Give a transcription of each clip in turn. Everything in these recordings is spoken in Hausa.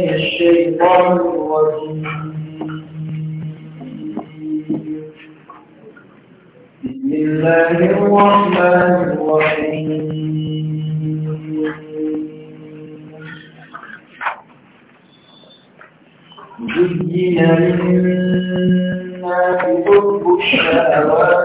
الشيطان الرجيم بسم الله الرحمن الرحيم زين للناس حب الشهوات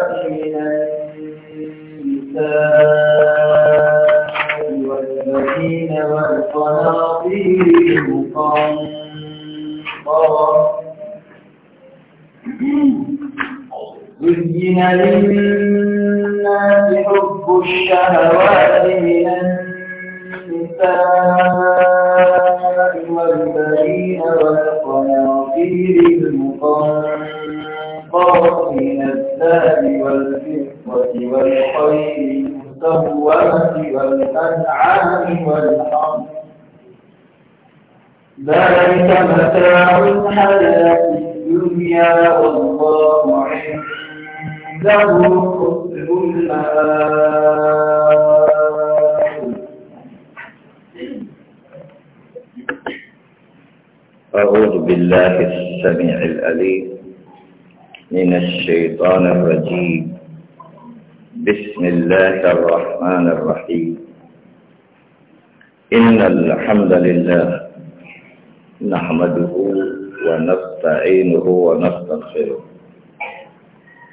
زين للناس حب الشهوات من النساء والبنين والقناطير المقنطرة من الذهب والفضة والخير المسومة والأنعام والحرث ذلك متاع الحياة الدنيا والله أعوذ بالله السميع الأليم من الشيطان الرجيم بسم الله الرحمن الرحيم إن الحمد لله نحمده ونستعينه ونستغفره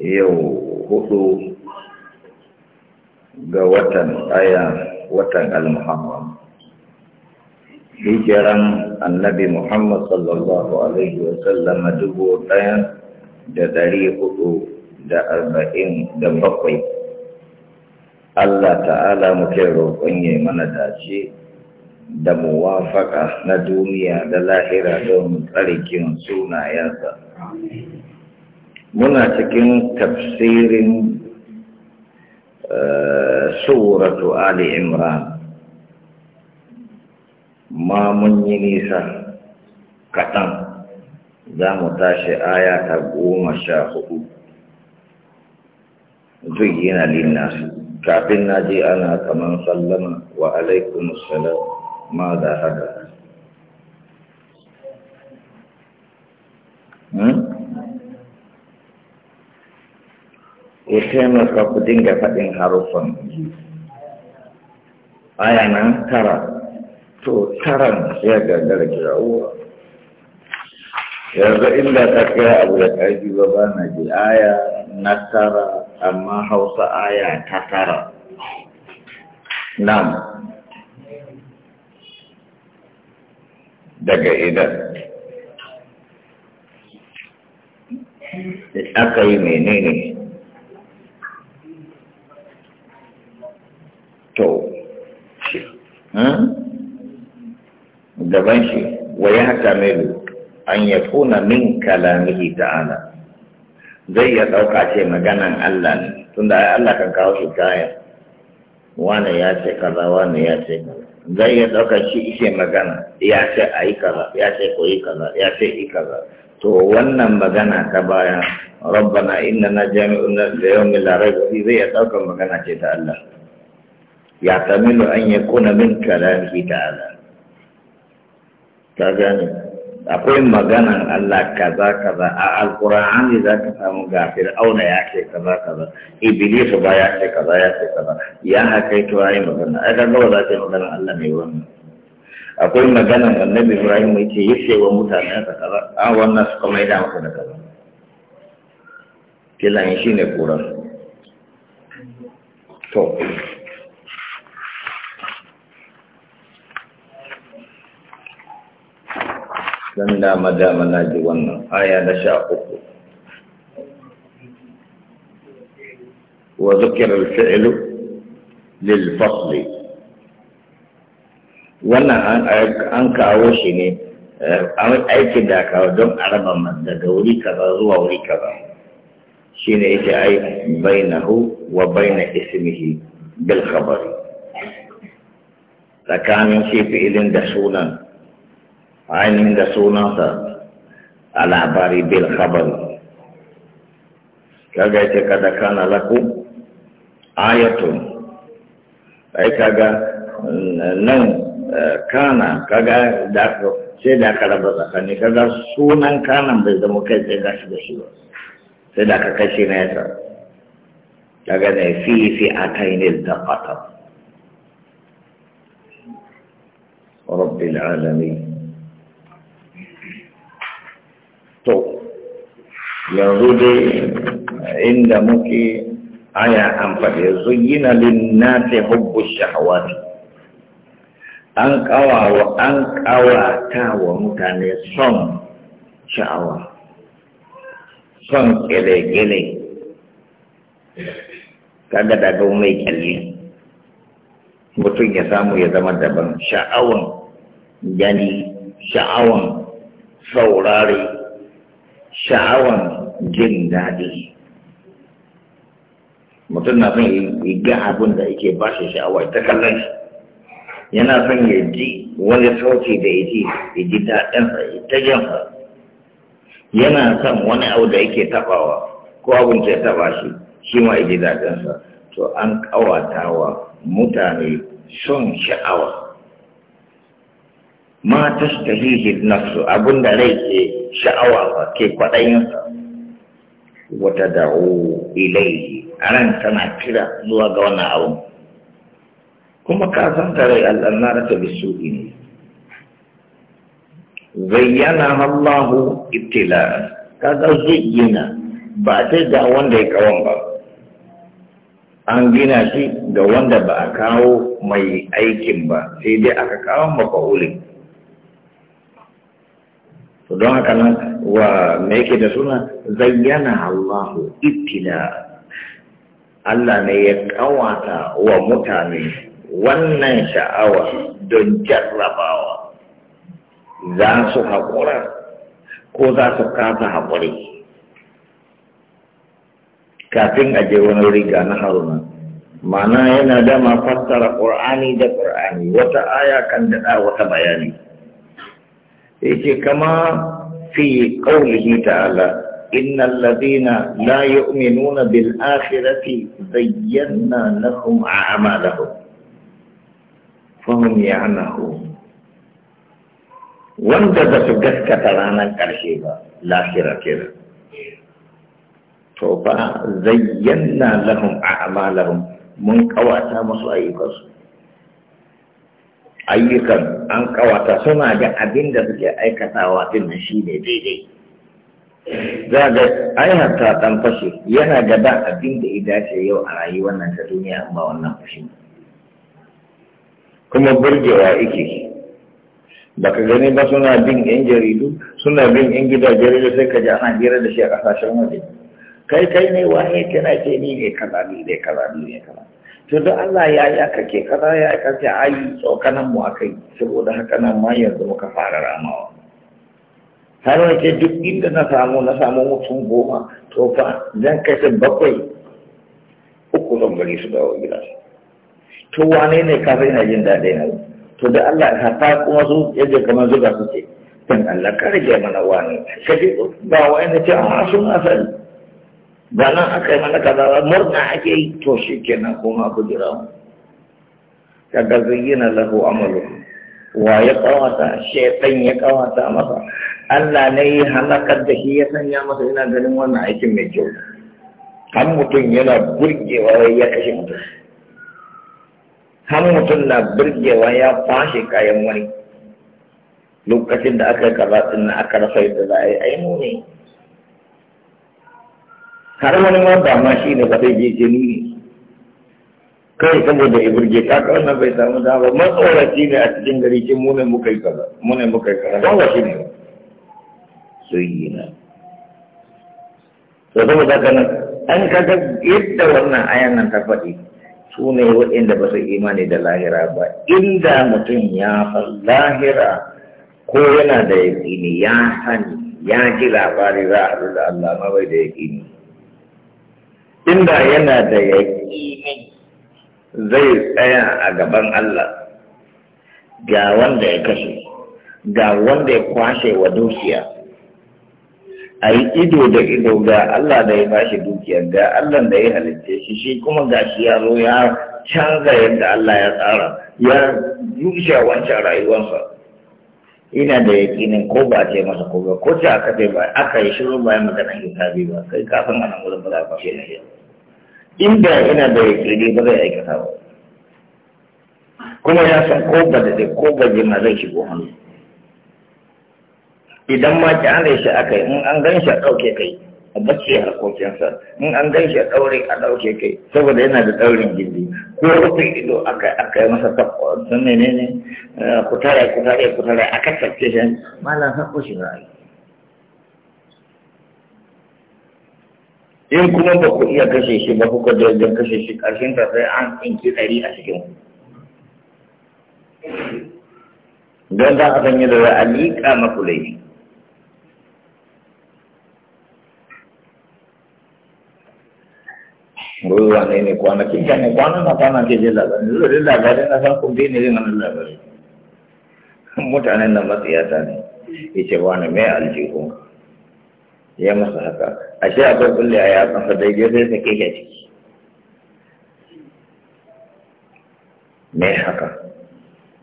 yau hudu ga watan aya watan al-muhammad hijiran annabi muhammad sallallahu alaihi wasallama dubu daya da dari hudu da arba'in da bakwai Allah ta'ala muke roƙon ya mana dace da muwafaka na duniya da lahira don tsarikin sunayensa. muna cikin tafsirin eh, suratu Ali Imran ma mun yi nisa kaɗan za mu tashi aya ta goma sha hudu zuyina linnasu kafin na je ana kaman sallama wa alaikumussalam ma da haka ya taimaka ku dinga faɗin haruffan aya nan tara to taran ya gagara kira uwa yanzu inda ta kai abu da ƙarfi ba ba na ji aya na tara amma hausa aya ta tara nan daga idan aka yi menene to shi, gaban hmm? shi wa haka melu an ya kuna min kalamihi ta'ala zai ya dauka ce maganan Allah ne tunda ai Allah kan kawo shi kaya wane ya ce kaza wane ya ce zai ya dauka shi ishe magana ya ce a yi kaza ya ce ko yi kaza ya ce yi kaza to wannan magana ta baya rabbana inna na jami'un da yawmin la raiba fi zai ya dauka magana ce ta Allah يعتمد أن يكون من كلامه تعالى كذلك akwai maganan Allah kaza kaza a alkur'ani za ka samu gafir auna ya ce kaza kaza ibilisu ba ya ce kaza ya ce kaza ya haka yi tuwa yi magana ai kan gaba za ta yi magana Allah mai wannan akwai maganan annabi ibrahim ya ce yace wa mutane ka kaza a wannan suka mai da maka da kaza kilan shi ne kura. to don dama-dama na ji wannan aya na sha uku wa zukirar fi'ilu lilfasli wannan an kawo shi ne aikin da kawo don araba man daga wuri kaza zuwa wuri kaza shi ne ita ai bainahu wa baina ismihi bil khabari tsakanin shi fi'ilin da sunan عين من سونات على باري بالخبر كغايت أن يكون لكم آية أي كغا نن كان كغا داكو سيدا كربا كاني كغا سونان كان بيد موكيت غاش بشيو سيدا كاكشي نيتا كغا في في اتاين التقطا رب العالمين to yanzu dai inda muke aya an faɗi zuyina linnati hubbu shahawati an kawawa an kawata wa mutane son sha'awa son kele-kele Kada daga mai kyalli mutum ya samu ya zama daban sha'awan gani sha'awan saurari sha'awan jin daɗi mutum na son ya ga abin da yake ba shi sha'awa ta kallon shi yana son ya ji wani sauti da ya ji ya ji daɗinsa ya ta sa. yana son wani abu da yake tabawa ko abin ke taɓa shi shi ma ya ji daɗinsa to an ƙawata wa mutane son sha'awa ma tashtahihi nafsu da rai ke sha'awa ke kwaɗayinsa wata da ilaihi a ran tana kira zuwa ga wannan abu kuma ka san ta rai al'annara ta bisu'i ne zayyana Allahu ibtila ga zayyana ba sai ga wanda ya kawon ba an gina shi ga wanda ba a kawo mai aikin ba sai dai aka kawo mafa'ulin don haka nan wa me yake da suna zayyana Allahu ibtila Allah ne ya kawata wa mutane wannan sha'awa don jarrabawa za su haƙura ko za su kasa haƙuri kafin a je wani riga na haruna mana yana dama fassara ƙur'ani da ƙur'ani wata aya kan daɗa wata bayani يجي كما في قوله تعالى إن الذين لا يؤمنون بالآخرة زينا لهم أعمالهم فهم يعنهم وانت تسجد كترانا كرشيبا لا خير كذا توبا زينا لهم أعمالهم من قواتها مصائي ayyukan an kawata suna ga abin da suke aikatawa tun da shi ne daidai za ga ayyata dan fashe yana da abin da ya dace yau a rayuwar nan ta duniya an ba wannan fashe kuma burgewa yake baka gani ba suna bin yan jaridu suna bin yan gidajen jaridu sai ka ji ana hira da shi a kasashen waje kai kai ne waye kana ce ni ne kaza ni ne kaza ni ne kaza to da Allah ya ya kake kaza ya kace ai tsokanan mu akai saboda haka nan ma yanzu muka fara ramawa har wace duk inda na samu na samu mutum goma to fa zan kashe bakwai uku zan bari su dawo gida to wane ne ka sai na jin daɗi na to da Allah ta kuma su yadda kamar zuga su ce dan Allah ka rage mana wani Kaje ba wai ne ce ah, a sun asali da nan aka yi mana kaza ba murna ake yi to shi kenan kuma ku jira mu kaga zayyana lahu amalu wa ya kawata shaitan ya kawata masa Allah ne ya halaka da shi ya sanya masa ina ganin wannan aikin mai kyau kan mutum yana burgewa ya kashe mutum kan mutum na burgewa ya fashe kayan wani lokacin da aka yi kaza din aka rasa yadda za a yi ne har wani ma ba ma shi ne ba zai je jini ne kai saboda ya burge ka kawai na bai samu dama shi ne a cikin gari ce mu ne muka yi kaza mu ne muka yi kaza ba wa shi ne ba sayyina to saboda ka nan an kaga yadda wannan ayan nan ta faɗi su ne waɗanda ba su imani da lahira ba inda mutum ya san lahira ko yana da yaƙini ya sani ya ji labari za a da Allah ma bai da yaƙini inda yana da yaƙini zai tsaya a gaban Allah ga wanda ya kashe ga wanda ya kwashe wa dukiya a yi ido da ido ga Allah da ya bashi dukiya ga Allah da ya halitta shi shi kuma ga shi ya zo ya canza yadda Allah ya tsara ya rushe wancan rayuwarsa ina da yakinin ko ba a ce masa ko ba ko ce aka ce ba aka yi shiru ba ya magana hisabi ba kai kafin anan wurin ba za a fashe na yau da yana da yaƙini ba zai aikata ba kuma ya san ko ba da ko ba jima zai shigo hannu idan ma an shi aka yi in an gan shi a ɗauke kai a bacci harkokinsa in an gan shi a ɗaure a ɗauke kai saboda yana da ɗaurin gindi ko rufe ido aka aka yi masa takwa sun ne ne eh, ku tare ku tare ku tare aka tafke shi malam ko shi ra'ayi in kuma ba ku iya kashe shi ba kuka da wajen kashe shi ƙarshen ta sai an tsinki ɗari a cikin ku don za a san yadda za a liƙa maku laifi Gobe wane ne kwana kan ne kwana na kwana ke je labarin zuwa da labarin na san kun ne zai mana labarin mutanen nan matsiyata ne ya ce wani mai aljihun ya masa haka ashe akwai kulle a yatsansa daidai sai sake shi a ciki me haka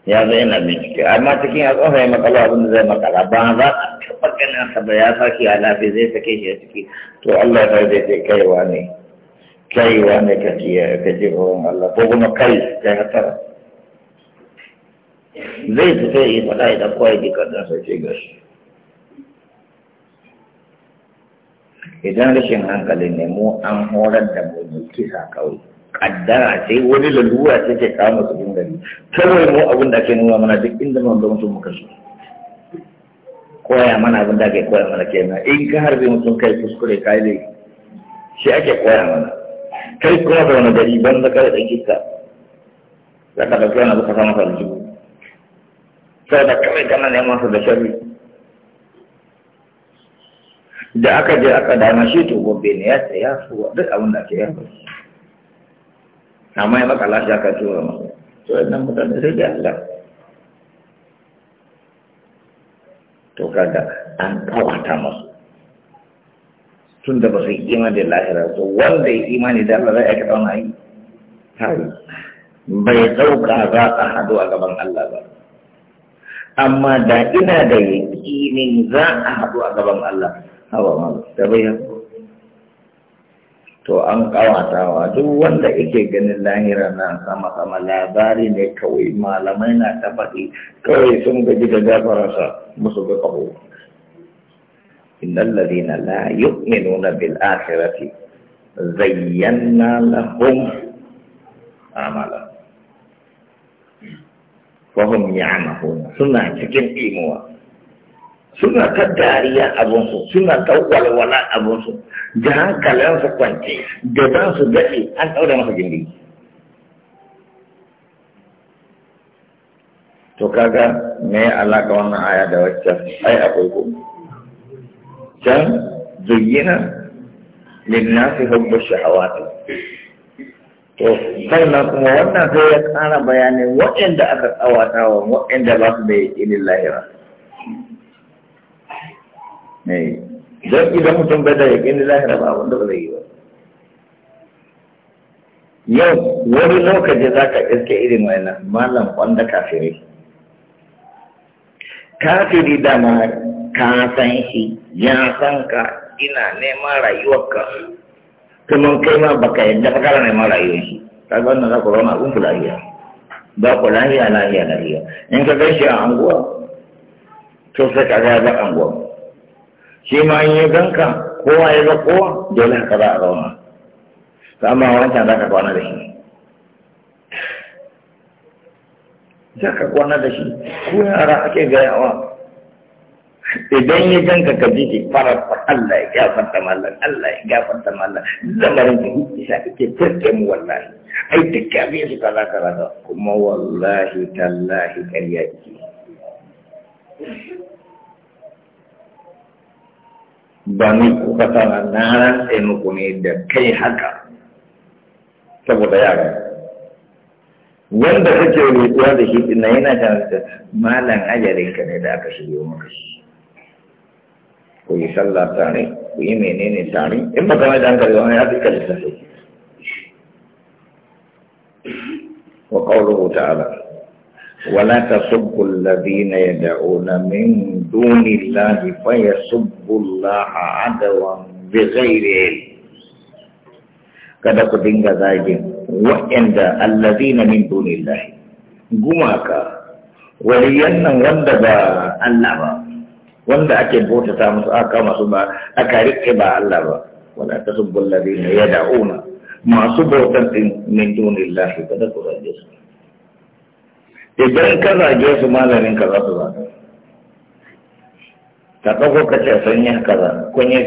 ya zai na bincike amma cikin ya tsofa ya makala abin da zai makala ba za a taɓa ganin sa ba ya saki, a lafiya zai sake shi a ciki to Allah ya zai ce kaiwa ne kaiwa ne ka ji ka ji horon Allah ko kuma kai kai hatara zai fita ya faɗa ya ɗauko ya ji kaɗan sai ce gashi idan rashin hankali ne mu an horar da mu mu kisa kawai kaddara ce wani lalura ce ke kawo masu bin gari kawai mu abin da ake nuna mana duk inda mun ga mutum muka so koya mana abin da ke koya mana kenan in ka harbe mutum kai kuskure kai ne shi ake koya mana kai kuma da wani gari ban da kai dan kika za ka dauki wani abu ka samu ka rujuku saboda kawai kana neman su da sharri da aka je aka dama shi to gobe ne ya saya kuwa duk abin da ke yi ba amma ya maka lafiya aka tura masa to wannan mutane sai da Allah to kaga an kawata masu tun da ba su yi imani da lahira to wanda ya imani da Allah zai aikata wani ayi hari bai ɗauka za a haɗu a gaban Allah ba amma da ina da yaƙinin za a haɗu a gaban Allah hawa malu da bai to an kawatawa duk wanda yake ganin lahira na sama sama labari ne kawai malamai na ta faɗi kawai sun gaji da gafararsa musu ga kaho innal ladina la yu'minuna bil akhirati zayyana lahum amala fa hum ya'mahun suna cikin imuwa suna ta dariya abinsu suna ta walwala abinsu da hankalinsu kwance da za su daɗe an ɗaure masa gindi to kaga me ya alaka wannan aya da wacce ai akwai ko can zayyana linnasi hubbu shahawati to sannan kuma wannan sai ya ƙara bayanin waɗanda aka tsawata wa waɗanda ba su da yaƙinin lahira Eh, don idan mutum bai da gani lahira ba wanda ba zai yi ba yau wani lokaci za ka iske irin wani malam wanda kafiri kafiri da ma ka san shi ya san ka ina neman rayuwarka kuma kai ma baka yadda ka kara neman rayuwar shi kaga wannan za ku rauna abin ku lahiya ba ku lahiya lahiya lahiya in ka gaishe a anguwa to sai ka ga ba anguwa shi ma in ya ganka kowa ya ga kowa dole haka za a zauna ta amma wancan za ka kwana da shi za ka kwana da shi ko yara ake gayawa idan yi ganka ka ji ki fa Allah ya gafarta mallan Allah ya gafarta mallan lamarin ka isa ake tirke mu wallahi ai duk abin su kaza kaza kuma wallahi tallahi ƙarya ke ba mu kuka sana na sai muku ne da kai haka saboda yara wanda kake rutuwa da shi ina yana malan malam ka ne da aka shigo maka shi ku yi sallah tare ku yi menene tare in ba kamar da hankali wani ya kalli ta sai wa rubuta ta'ala ولا تسبوا الذين يدعون من دون الله فيسبوا الله عدوا بغير علم kada ku dinga zagin waɗanda allazina min dunillahi gumaka waliyan nan wanda ba Allah ba wanda ake bautata musu aka masu ba aka rike ba Allah ba wala tasubbu allazina yad'una masu bautan din min dunillahi kada ku zage su idan ka zage su malamin ka za su zaga ka ɗauko ka ce sun yi za kun yi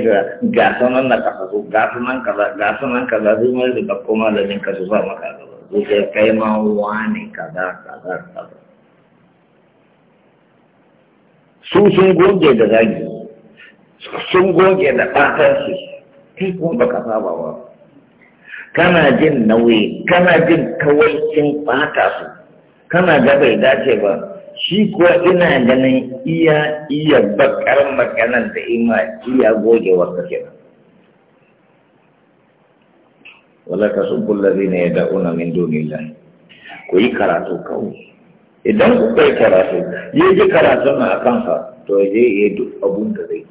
ga sunan na kasa su ga sunan kaza ga sunan kaza zai mai da ɗauko malamin ka su sa maka su ce kai ma wani kaza kaza kaza su sun goge da zagi sun goge da su kai kuma ka saba ba kana jin nauyi kana jin kawai kawaicin ɓata su kana ga bai dace ba shi kuwa ina ganin iya iya bakar maganan da ima iya goge ka kenan wala ka subbu allazina yad'una min dunillah ku yi karatu kawai idan ku kai karatu ya ji karatu na kansa to ya je ya duk abun da zai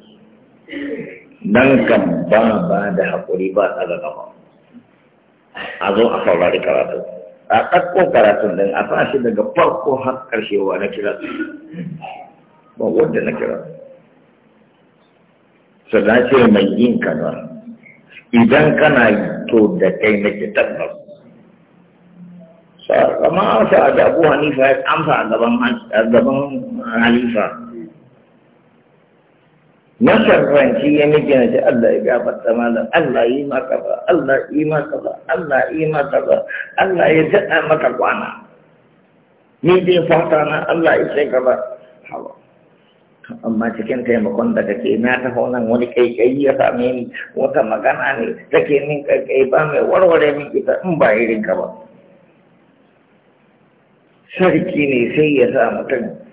dan kan ba ba da hakuri ba tsara gaba a zo a saurari karatu a ɗakko karatun ɗin a shi daga farko har ƙarshewa na kira ba na kira su na ce mai yin kaza idan kana to da kai nake tabbas amma a wata da abu hanifa ya amsa a gaban halifa masarranci ya miji na ce Allah ya gafarta malam Allah yi maka ba Allah yi maka ba Allah yi maka ba Allah ya daɗa maka kwana ni dai fata na Allah ya ce gaba hawa amma cikin taimakon da kake na ta nan wani kaikai ya same ni wata magana ne take min kaikai ba mai warware min ita in ba irin ka ba sarki ne sai ya sa mutum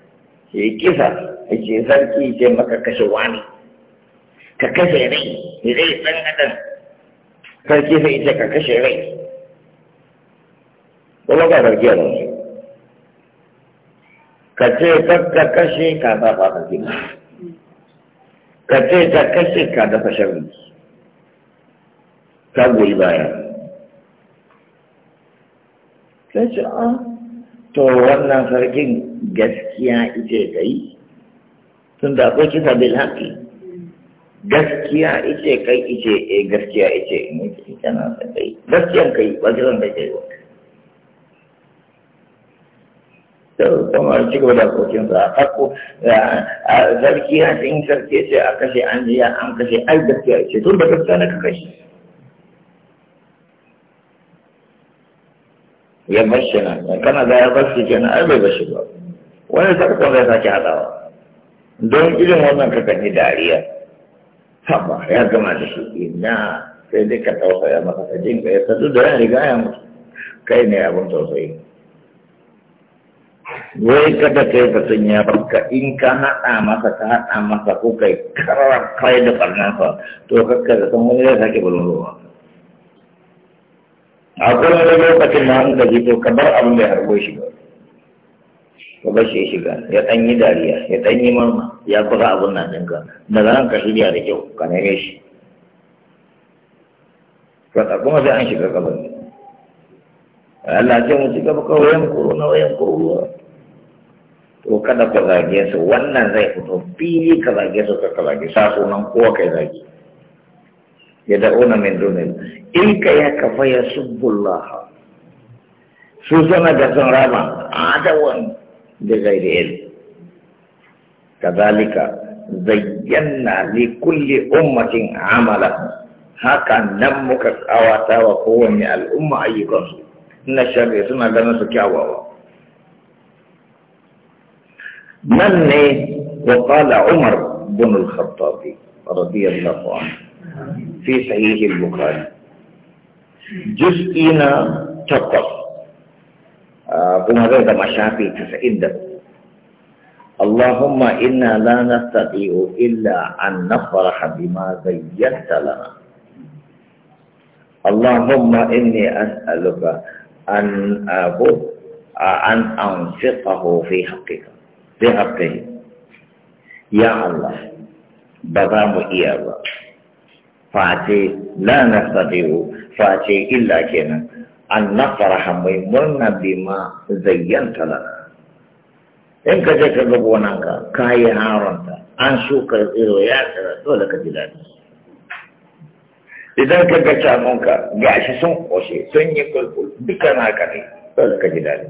ya kisa ake sarki ce maka kashe wani ka kashe rai rai ɗan adam sarki sai ita ka kashe rai kuma ga sarki a nan ka ce ka kashe ka ba ba ka gina ka ce ka kashe ka dafa sharri ka goyi baya ka ce a ah, to wannan sarkin gaskiya ita ka yi tun da akwai kisa bil haƙi gaskiya ice kai ice eh gaskiya ice in yi ita na sa kai gaskiyan kai ba da kai ba to kuma ci gaba da kokin sa a farko zarkiya in sarki ce a kashe an jiya an kashe ai gaskiya ce to ba gaskiya na ka kashe ya bashi na kana da ya bashi kenan ai bai bashi ba wani sarkon zai sake hadawa don irin wannan kakanni dariya apa ya kemana sihnya jadi kata saya maka saja itu satu dari mereka yang kayak ini apa tuh sih gue kata kayak katanya apa ke ingkana ama sekarat ama saku kayak kerap kayak depan nafsu tuh kata kata mau lihat lagi belum lu aku mau lihat pakai nang lagi tuh kabar abang dia harus sih kabar sih sih kan ya tanya dia, ya ya tanya mama ya kusa abin nan ɗinka daga nan ka shirya da kyau ka neme shi kuma sai an shiga kabari Allah ce mu shiga baka wayan kuro na wayan kuro to kada ka zage su wannan zai fito fili ka zage su ka zage sa sunan kowa kai zage ya ona min dunin in ka ya kafa ya subbullah su sana ga sun rama A da gairi ilmi كذلك زينا لكل أمة عملهم هكا نمك أواتا وقوة من الأمة أي قصر إن الشر سنة لنا سكاوة من وقال عمر بن الخطاب رضي الله عنه في صحيح البخاري جزئنا تقص آه كما ذلك مشافي تسعين دقيقة اللهم إنا لا نستطيع إلا أن نفرح بما زينت لنا اللهم إني أسألك أن أبو أن أنفقه في حقك في حقه يا الله بضام إياه فاتي لا نستطيع فاتي إلا كنا أن نفرح بما زينت لنا in ka je ka ga gonanka ka yi haronta an shuka tsiro ya tsira dole ka ji daɗi idan ka ga canonka gashi sun ƙoshe sun yi kulkul duka ka ne dole ka ji daɗi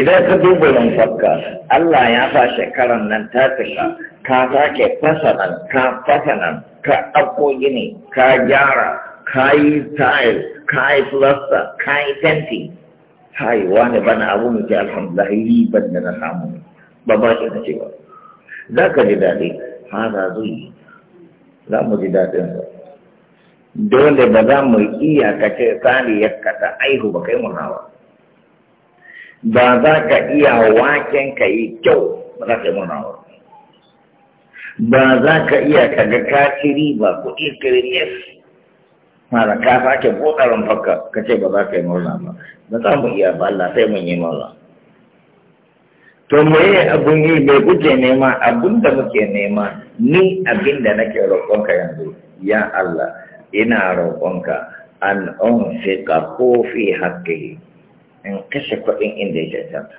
idan ka duba lamfarka Allah ya sa shekaran nan ta tsira ka sake fasa nan ka fasa nan ka ɗauko gini ka gyara ka yi tile ka yi plaster ka yi fenti hai wani bana abu mu ce alhamdulillah riban da na samu ba ba shi na ce ba za ka ji daɗi hana zuyi za mu ji daɗin sa dole ba za mu iya iyakace saniyarka kata aihu ba kai murna ba za ka iya waken ka yi kyau ba za ka yi murna ba ba za ka iya ka ga kaciri ba kuɗi kiriyar mara ka sake kokarin fakka ka ce ba za ka yi murna ba ba za mu iya ba Allah sai mun yi murna to me abun yi bai kuke nema abun da muke nema ni abin da nake roƙonka yanzu ya Allah ina roƙonka an ka ko fi haƙƙi in kashe kuɗin inda ya cancanta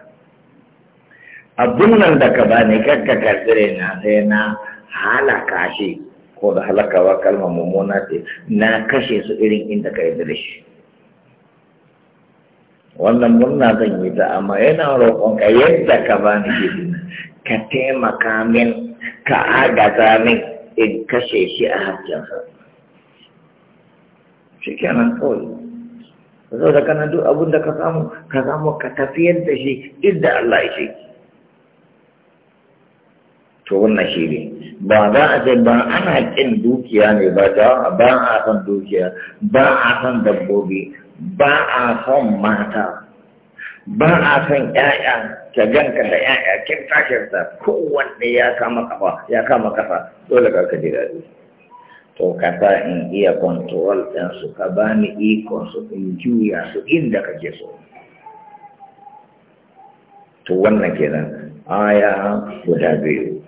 abun nan da ka bani kakka karɓire na sai na halaka shi ko da halakawa kalmar mummuna ce na kashe su irin inda ka yi da shi wannan murna zan yi ta amma yana roƙon ka yadda ka bani gidina ka taimaka min ka agaza min in kashe shi a hajjansa shi kenan kawai zo da kana duk abin da ka samu ka samu ka tafiyar da shi inda Allah ya shi to wannan shi ne ba za a ce ba ana ƙin dukiya ne ba ta ba a son dukiya ba a son dabbobi ba a son mata ba a son ƴaƴa ka ganka da ƴaƴa kirta kirta kowanne ya kama kafa ya kama kafa dole ka ka daɗi to ka sa in iya kontrol ɗin su ka ba ni ikon su in juya su inda kake so to wannan kenan aya guda biyu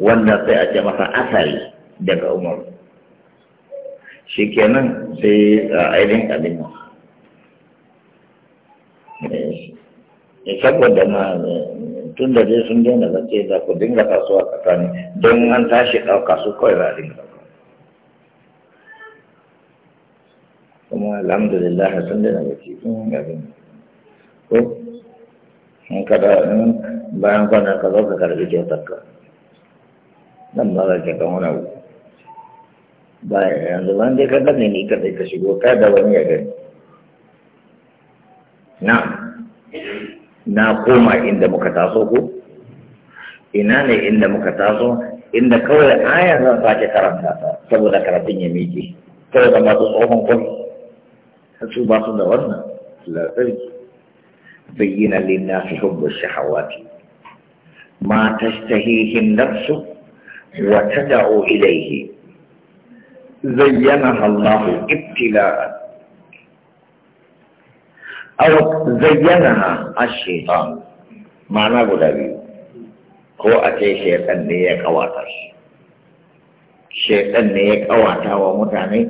wannan sai a ce masa asali daga umar shi kenan sai a ainihin abin eh, eh, saboda ma eh, tun da dai sun daina da zace da ku dinga kasuwa tsakani don an tashi ɗauka kasu kawai za a dinga ɗauka kuma alhamdulillah sun daina zace sun abin ko in kada bayan kwanan ka zo ka karɓi kyautar ka nan ba za ka ga wani abu ba yanzu ban dai ka gane ni kadai ka shigo ka da wani ya gani na na koma inda muka taso ko ina ne inda muka taso inda kawai aya zan sake karanta ta saboda karatun ya miƙe saboda masu tsohon kwami su ba su da wannan lantarki bayyana lillahi hubbu shahawati ma tashtahihin nafsu وتدعو إليه زينها الله ابتلاء أو زينها الشيطان معنى قلبي هو أتي شيطان ليك أواتر شيطان ليك أواتا ومتعني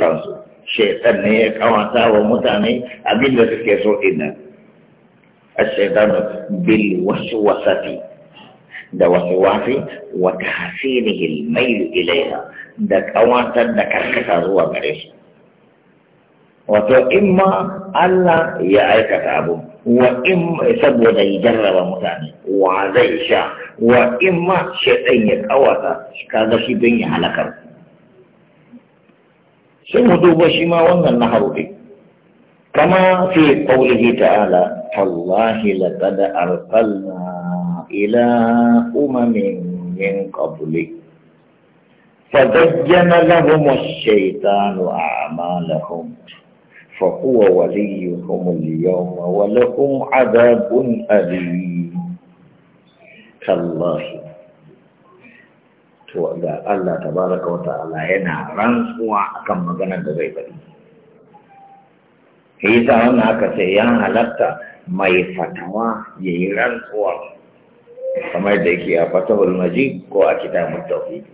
قرص شيطان ليك أواتر ومتعني أبين لك كيسو إنا الشيطان بالوسوسة da wasuwasi wa tahsinihi al-mail ilayha da kawatar da karkata zuwa gare shi wato imma Allah ya aikata abu wa imma saboda ya jarraba mutane wa zai sha wa imma shaitan ya kawata kaga shi don ya halakar sai mu duba shi ma wannan na harbe كما في قوله تعالى تالله لقد أرسلنا ila umamin min qablik fadajjana lahum ash-shaytanu a'malahum fa huwa waliyuhum al-yawma wa lahum 'adabun alim kallahi to Allah tabaraka wa ta'ala yana rantsuwa akan magana da bai bari sai yasa aka ce ya halatta mai fatawa yayi rantsuwa kamar da yake a fatahul maji ko a kitabut tauhid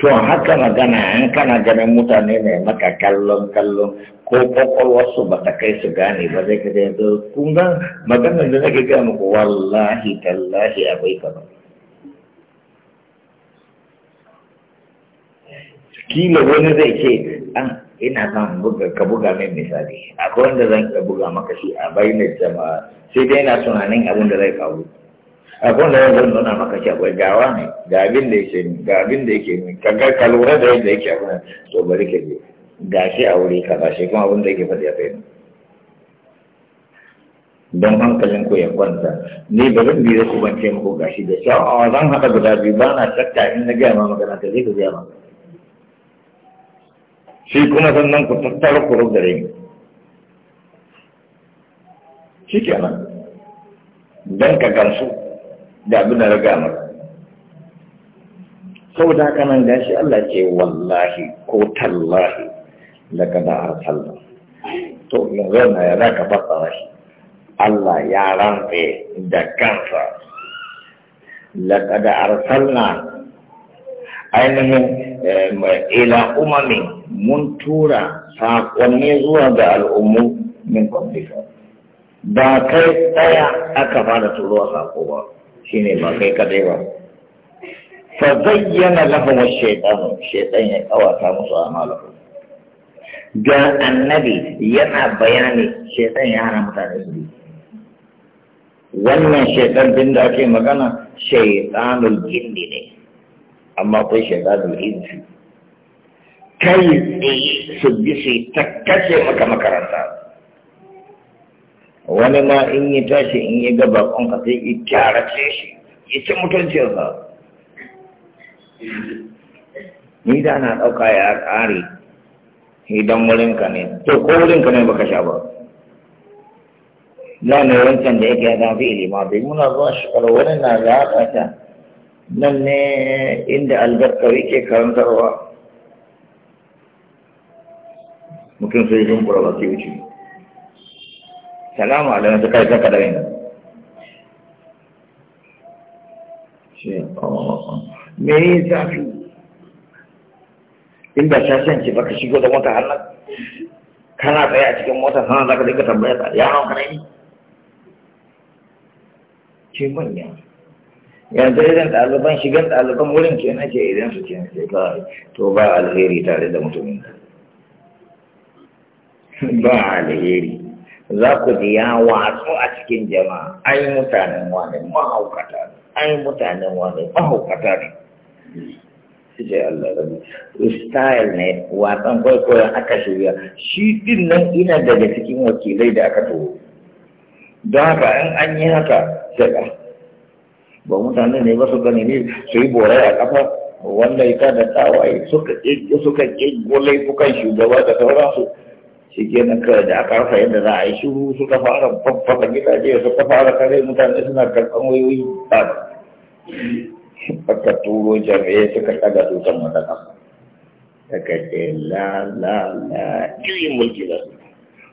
to haka magana an kana ganin mutane ne maka kallon kallon ko kwakwalwarsu ba ta kai su gane ba zai kaje yanzu kun ga magana da nake gaya muku wallahi tallahi akwai kama kila wani zai ce an ah, ina zan buga ka buga min misali akwai wanda zan buga maka shi a bainar jama'a sai dai ina tunanin abin da zai faru abin da yanzu nuna maka shi akwai gawa ne ga abin da yake ga abin da yake ne kaga ka lura da yadda yake abin to bari ka je ga shi a wuri kaza shi kuma abin da yake faɗi a kai don hankalin ku ya kwanta ni ba zan biyo ku ban ce muku ga shi da sha'awa zan haɗa guda biyu ba na shakka in na gaya ma magana ta zai ka gaya ma shi kuma sannan ku tattara ku da rai shi kenan don ka gamsu da abin da raga maka saboda haka nan gashi Allah ce wallahi ko tallahi daga da arsalna to yanzu na ya za ka fassara shi Allah ya rantse da kansa لقد أرسلنا ainihin eh, ila umamin mun tura saƙonni zuwa ga al'ummu min kwamfuta ba kai tsaya aka fara turuwa saƙo ba ne ba kai kadai ba fa zayyana lahum wa shaytan shaytan ya kawata musu amalahu ga annabi yana bayani shaytan ya hana mutane su wannan shaytan din da ake magana shaytanul jinni ne amma kai shaytanul insi kai tsaye su bi su ta kashe maka makaranta wani ma in yi tashi in yi ga bakon ka yi ya kyarace shi ya ci mutuncinsa ni da na ɗauka ya ƙare idan wurinka ne to ko wurinka ne baka sha ba na ne wancan da yake yana fi ilima bai muna zuwa shekaru wani na zaɓa ta nan ne inda albarka yake karantarwa mutum sai jin kura ba sai wuce salamu alaikum ta kai saka da ne. Oh, oh, oh. me yi zafi in ba shashen ce baka shigo da mota hannun kana tsaye a cikin mota sana za ka dinga tambaya ta yaron ka ne ce manya yanzu idan ɗaliban shigar ɗaliban wurin ke na ce idan su ke ce ka to ba alheri tare da mutumin ba alheri za ku ji ya watsu a cikin jama'a ai mutanen wani mahaukata ne ai mutanen wani mahaukata ne sai Allah rabu style ne watsan kwaikwayon aka shirya shi din nan ina daga cikin wakilai da aka tuwo don haka in an yi haka sai ba mutane ne ba su gani ne su yi borai a kafa wanda ya da tsawaye suka suka ƙi gulai kukan shugaba da sauransu shige ke nan kawai da aka rasa yadda za a yi su ta fara faffasa gidaje ta fara kare mutane suna karɓan wayoyi ba aka turo jami'ai suka ɗaga tutan wata daga ce la la la juyin mulki da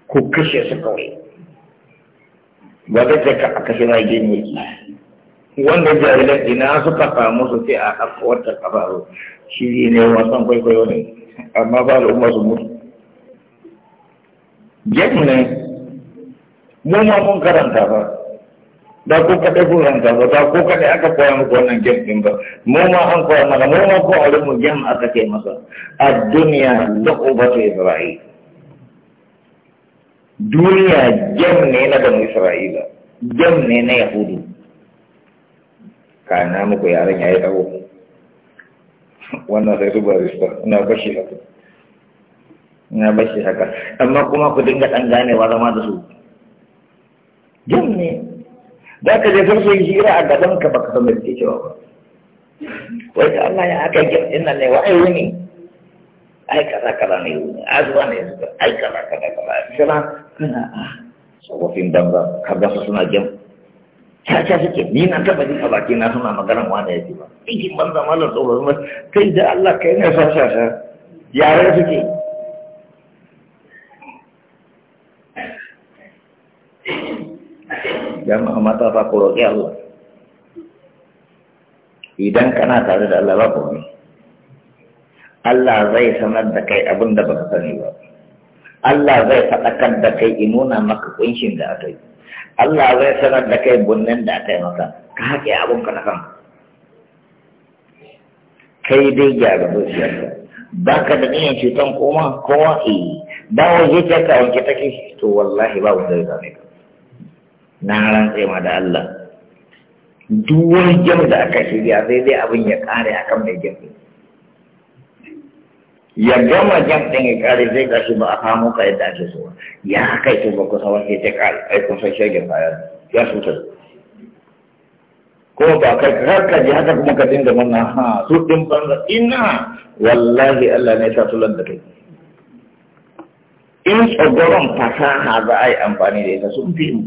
ko ku kashe su kawai ba zai ce a kashe na juyin mulki wanda jami'ai ina suka samu su sai a haka wata ƙafa shi ne wasan kwaikwayo ne amma ba al'umma su mutu jet ne mu ma mun karanta ba da ko kaɗai ko karanta ba da ko kaɗai aka koya muku wannan jet ɗin ba mu ma an koya mana mu ma ko aure mu jam aka ce masa a duniya da ubatu isra'il duniya jam ne na banu isra'ila jam ne na yahudu kana muku yaran yayi dawo wannan sai su barista ina bashi haka na bashi haka amma kuma ku dinga ɗan wa zama da su jin ne za ka je farko yi hira a gaban ka baka san da ke cewa ba wai ta Allah ya aka yi din nan ne wa ai wuni ai kaza kaza ne wuni azuwa ne yanzu ai kaza kaza kaza kira kana a ah, tsofaffin banza ka ga su suna jin caca suke ni na taba jin a baki na suna maganar wani ya ce ba ikin banza malar tsofaffin kai da Allah kai ne sa sa sa yare suke jama'a matasa ku roƙi Allah idan kana tare da Allah babu ne Allah zai sanar da kai abin da baka sani ba Allah zai faɗakar da kai inuna maka kunshin da aka yi Allah zai sanar da kai bunnan da aka yi maka ka haƙe abin ka na kanka kai dai gyara zuciyarka ba ka da niyan cutan koma kowa eh dawo zuciyarka wanke take to wallahi ba wanda zai zame ka na rantse ma da Allah duk wani jam da aka shirya zai dai abin ya kare akan mai jam ya gama jam din ya kare sai ka shi ba a kamo ka yadda ake so ya kai to ba kusa wani ta kare ai kun san shege ya sutar ko ba kai karka ji haka kuma ka dinga mana ha su din banza ina wallahi Allah ne ta tulan da kai in tsogoron fasaha za a yi amfani da ita sun fi mu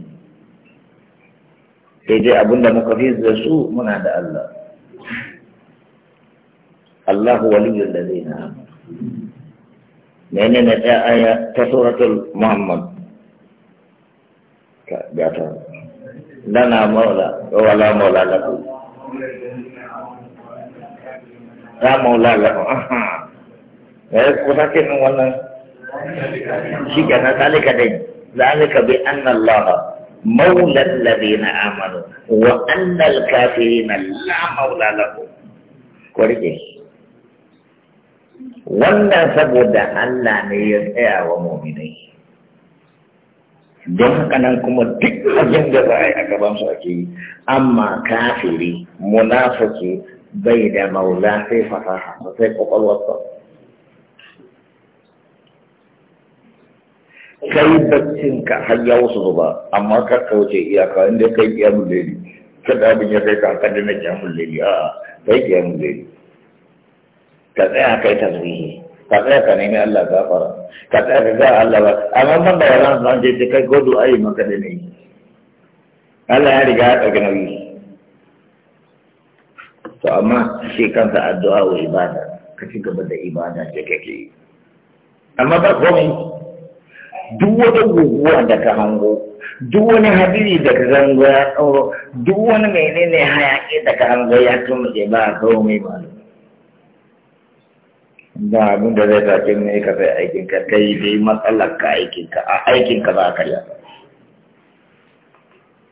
sai dai abinda muka fi da su muna da Allah Allah waliyul ladina amanu mene ne ta aya ta suratul muhammad ka gata lana maula wala maula lakum la maula lakum aha eh kusakin wannan shi kana zalika dai zalika bi anna Allah na الذين آمنوا وأن الكافرين لا مولى لهم kwarge wannan saboda Allah ne ya tsaya wa mominai don haka nan kuma duk abin da za a yi a gabansu ake yi amma kafiri munafiki bai da maula sai fasaha sai kwakwalwarsa kai baccin ka har ya wasu zuba amma ka kauce iyaka inda kai kiyamun leli kada abin ya kai ka da na kiyamun leli a'a kai kiyamun leli ka tsaya kai tasbihi ka tsaya ka nemi Allah gafara ka tsaya ka ga Allah ba amma ban da ran zan je ta kai godu ayi maka da nayi Allah ya riga ya dauki nauyi to amma shi kanka addu'a wa ibada ka ci gaba da ibada da kake yi amma ba komai duk wata guguwa da ka hango duk wani hadiri da ka zango ya tsoro duk wani menene hayaƙi da ka hango ya tumuje ba a kawo mai ba ba abin da zai tafi ne ka sai aikin ka kai dai matsalar ka aikin ka a aikin ka ba ka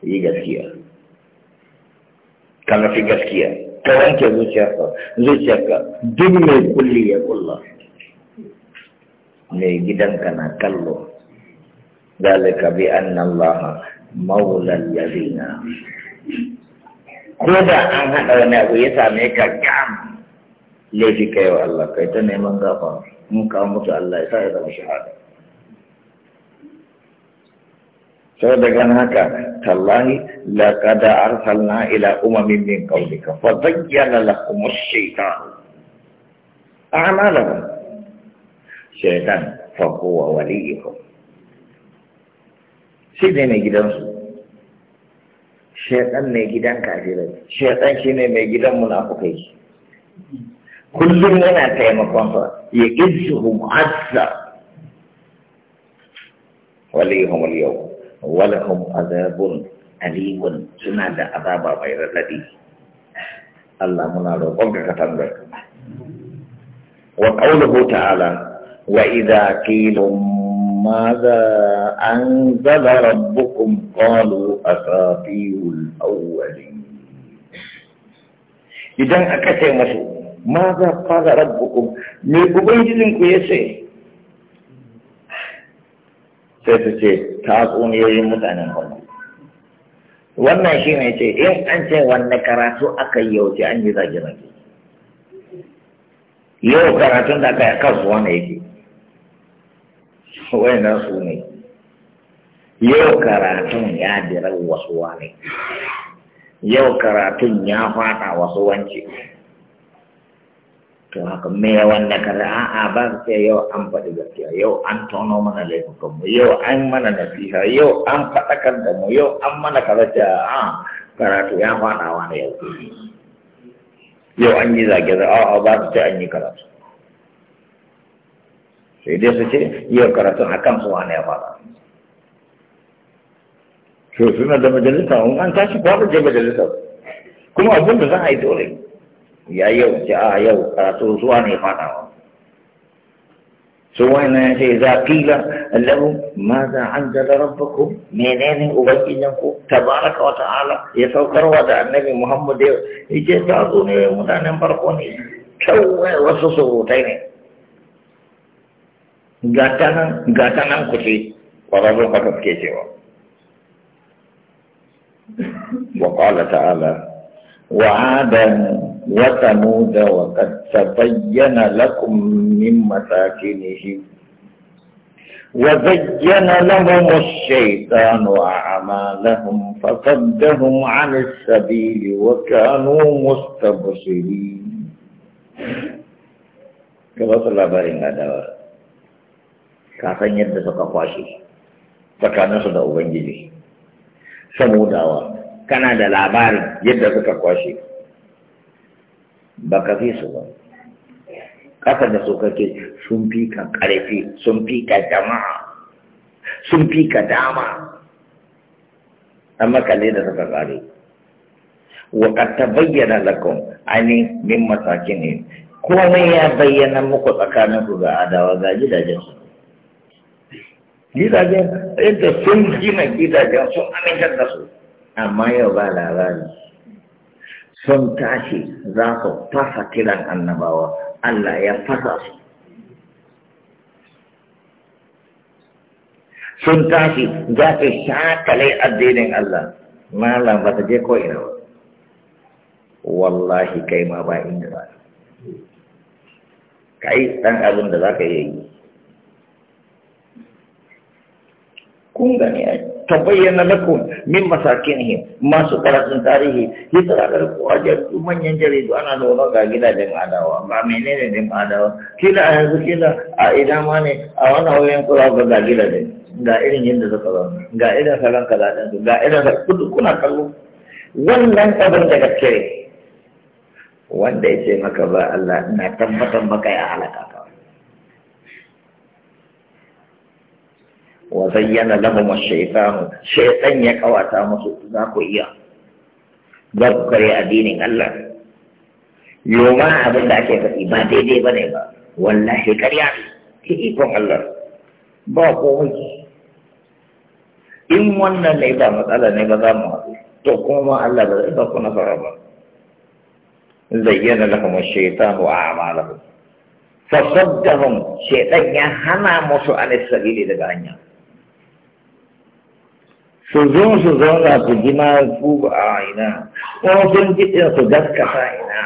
yi gaskiya ka fi gaskiya ka wanke zuciyarka zuciyarka duk mai kulli ya kulla mai gidanka na kallo ذلك بأن الله مولى الذين كودا أن هذا النبي يسامعك كم ليش كيو الله كيتا نيمان غفار مكامو الله يسائر مشهادة كان هكا تالله لقد أرسلنا إلى أمم من قبلك فزين لكم الشيطان أعمالهم شيطان فهو وليهم shi ne mai gidansu shaitan mai gidan kafirai shaitan shi ne mai gidan munafukai kullum yana taimakon sa ya izzuhum azza walihum al-yawm walahum azabun alimun suna da azaba mai radadi Allah muna roƙon ka katangar wa qawluhu ta'ala wa idza qila ماذا أنزل ربكم قالوا أساطير الأولين إذن أكتي مسو ماذا قال ربكم لأبيجزن كويسي سيتسي تاقون يوم متعنى فرمو wannan shi ne ce in an ce wanne karatu aka yi yau ce an yi zage-zage yau karatun da aka yi kasuwa ne yake wayannan su ne yau karatun ya dira wasu wane yau karatun ya fada wasu wance to haka me wanda kaza a'a ba su ce yau an faɗi gaskiya yau an tono mana laifukan mu yau an mana nasiha yau an faɗakar da mu yau an mana kaza ce a karatu ya fada wani yau yau an yi zage-zage a'a ba su ce an yi karatu sai dai su ce yau karatun a kan suwa ya fara to da majalisa in an tashi je majalisa kuma abunda za a yi dole ya yau ce a yau karatu suwa ne fadawa su wani ya ce za kila lahu ma za an jala rabbakum menene ubangijin ku tabaraka wa ta'ala ya saukarwa da annabi muhammad yau ya ce ta zo ne mutanen farko ne kyau wasu surutai ne gata nan gata nan ku ce ƙwararrun haka suke cewa wa ƙwala ta'ala wa adan wa samuda wa qad tabayyana lakum min masakinihim وزين لهم الشيطان أعمالهم فصدهم عن السبيل وكانوا مستبصرين كما صلى الله عليه وسلم ka san yadda suka kwashe tsakaninsu da ubangiji wa, kana da labarin yadda suka kwashe ba ka fi su ba ƙasa da su kake sun fi ka ƙarfi sun fi ka jama'a sun fi ka dama amma kalle da suka ƙare bayyana وقد تبين لكم أني من مساكنهم ya bayyana muku مكو تكانكو adawa وغاجي su. gidajen yadda sun gina gidajen sun amintar da su amma yau ba labari sun tashi za su fasa kiran annabawa Allah ya fasa su sun tashi za su shakale addinin Allah malam ba ta je ko ina ba wallahi kai ma ba inda ba kai dan abin da za ka yi kun gani ai tabayyana lakum min masakinihim masu karatun tarihi yasa da ku ajar su manyan jaridu ana da zaune ga gidajen adawa ba menene din adawa kila a yanzu kila a idan ma ne a wani wayan kula ga ga gidajen ga irin yadda suka zauna ga irin salon kaza din su ga irin kudu kuna kallo wannan abin da gaske wanda ya ce maka ba Allah ina tabbatar maka ya halaka وزين لهم الشيطان شيطان يكواتا مسوطناكو إياه باب كري أدين الله يوما أبن داكي فتي ما دي دي بني با والله كريان كيكم الله باقو مي إن وانا نيبا مسألة نيبا غامو تقوما الله بذلك نصر الله زين لهم الشيطان وأعمالهم فصدهم شيطان يهنا مسوء السبيل لغانيا su zo su zauna su ji ma ku a ina kuma sun ji ɗin su gaskata ina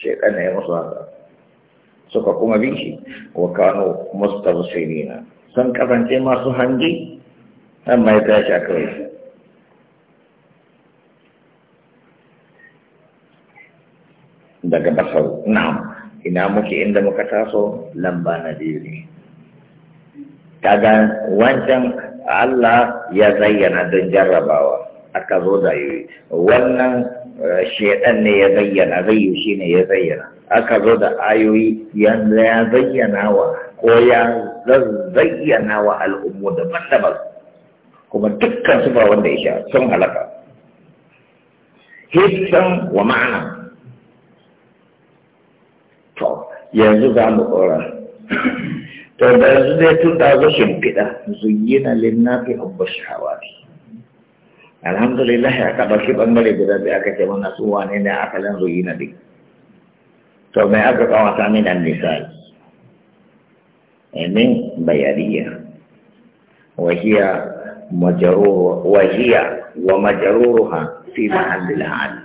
shaitan ne musu haka suka kuma bi shi wa kano mustabsirina sun kasance masu hangi. amma ya tashi a kawai daga basau na'am ina muke inda muka taso lamba na biyu ne kaga wancan Allah ya zayyana don jarrabawa aka zo da yi wannan eh, shaidan ne ya zayyana zayyu shi ne ya zayyana aka zo da ayoyi yanzu ya zayyana wa ko ya zayyana wa al'ummu daban-daban kuma dukkan su ba wanda ya sha sun halaka hisan wa ma'ana to yanzu za mu tsora to da yanzu dai tun da zo shimfiɗa zuyyina linnafi hubbu shahawati alhamdulillah ya taɓa shi ɓangare guda biyu aka ce mana su wane ne a kalan zuyyina dai to mai aka kawata min an nisa'i min bayariya wahiya majarur wahiya wa majaruruha fi mahallil hali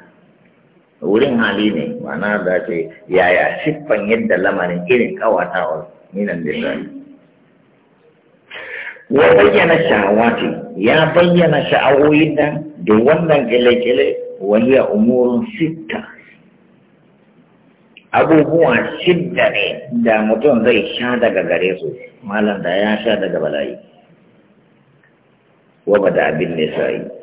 wurin hali ne ma'ana da ce yaya siffan yadda lamarin irin kawatawar minan lillahi wa bayyana sha'awati ya bayyana sha'awoyin da da wannan gele-gele waliya umurun sitta abubuwa shidda ne da mutum zai sha daga gare su malam da ya sha daga bala'i wa da abin ne sa'i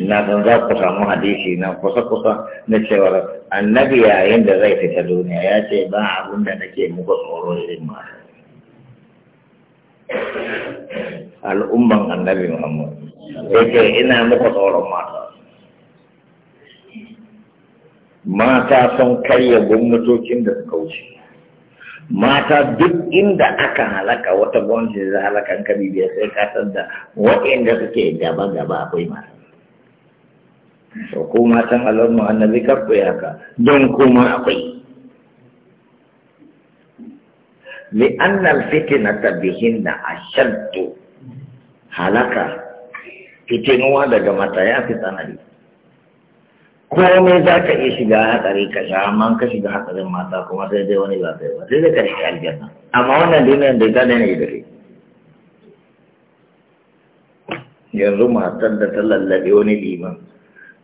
na san za ku samu hadisi na kusa-kusa na cewar annabi yayin da zai fita duniya ya ce ba abin da nake muku tsoro irin ma al'umman annabi muhammad ya ce ina muku tsoron mata mata sun karya gwamnatocin da suka wuce mata duk inda aka halaka wata gwamnati da halakan biyar sai kasar da waɗanda suke gaba-gaba akwai mata to ko matan alamma annabi karku ya ka don kuma akwai li annal da a ashaddu halaka fitinuwa daga mata ya fi tsanani komai za ka iya shiga hatsari ka sha amma ka shiga hatsarin mata kuma sai dai wani ba sai ba sai dai ka shiga aljanna amma wannan duniyar da ta ne da kai yanzu matar da ta lallabe wani liman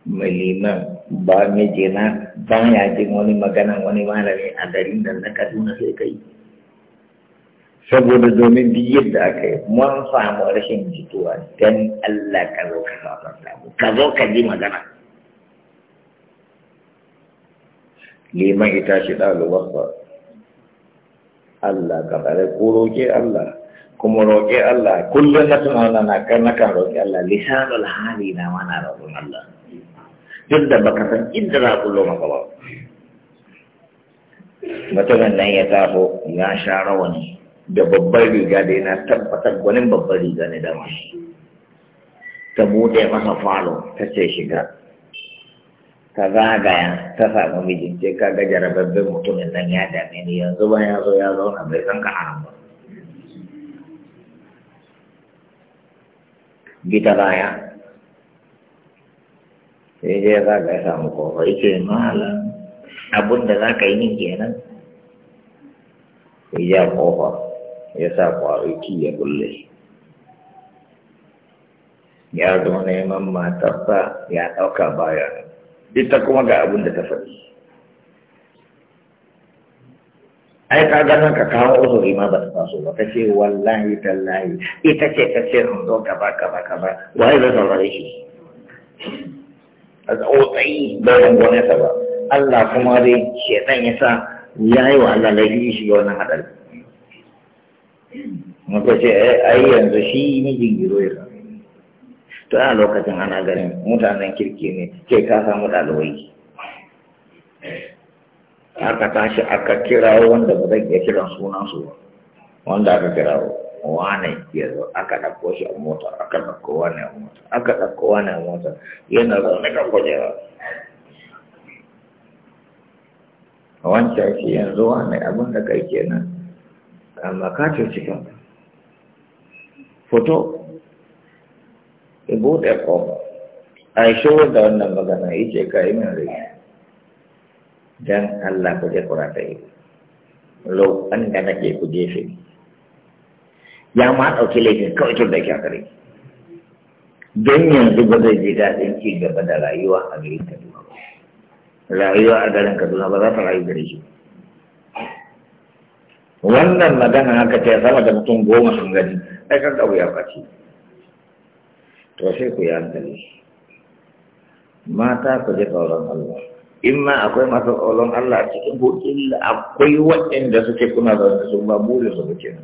Malima liman ba mai jina ba ya jin wani magana wani malami a garin da na kaduna sai kai saboda domin duk yadda aka yi mun samu rashin jituwa don Allah ka zo ka sasanta mu ka zo ka ji magana liman ita shi ɗalibarsa Allah ka bare ko roƙe Allah kuma roƙe Allah kullum na tunana na kan roƙe Allah lisanul hali na mana roƙon Allah duk da baka san inda za a kullo maka ba mutumin nan ya taso ya sha rawani da babbar riga da yana tabbatar gwanin babbar riga ne da mashi ta buɗe masa falo ta ce shiga ta zagaya ta samu mijin ka ga jarababben mutumin nan ya dame ni yanzu ba ya zo ya zauna bai san ka haram ba gita baya sai dai za ka samu kofa yake mahala, abin da za ka yi min kenan sai ya kofa ya sa ki ya bulle ya zo neman matarsa ya ɗauka baya ita kuma ga abin da ta faɗi ai ka gano ka kawo uzuri ma ba ta taso ba ka ce wallahi tallahi ita ce ta ce in zo gaba gaba gaba waye zai saurare shi a tsautsayi bayan gonarsa ba Allah kuma dai shaitan ya sa ya yi wa Allah laifin shi ga wannan haɗari muka ce eh, ai yanzu shi mijin jingiro ya to a lokacin ana ganin mutanen kirki ne ke ka samu ɗalibai aka tashi aka kirawo wanda ba zai iya kiran sunan su ba wanda aka kirawo wane yanzu zo aka ɗauko shi a mota aka ɗauko wani a mota aka ɗauko wani a mota yana zaune kan kujera wancan shi yanzu wani abin da kai kenan amma ka ce cikin foto ya buɗe ƙofa a yi shigo da wannan magana ya ce ka yi min rai Dan Allah ku je kurata yi lau an da nake ku jefe ni ya ma ɗauki laifin kawai tun da yake kare don yanzu ba zai je daɗin ci gaba da rayuwa a garin Kaduna ba rayuwa a garin Kaduna ba za ta rayu gare shi wannan magana haka ta sama da mutum goma sun gani ai kan ɗau ya ɓaci to sai ku yi hankali mata ku je tsoron Allah in ma akwai masu tsoron Allah cikin da akwai waɗanda suke kuna zaune su ba burin su kuke nan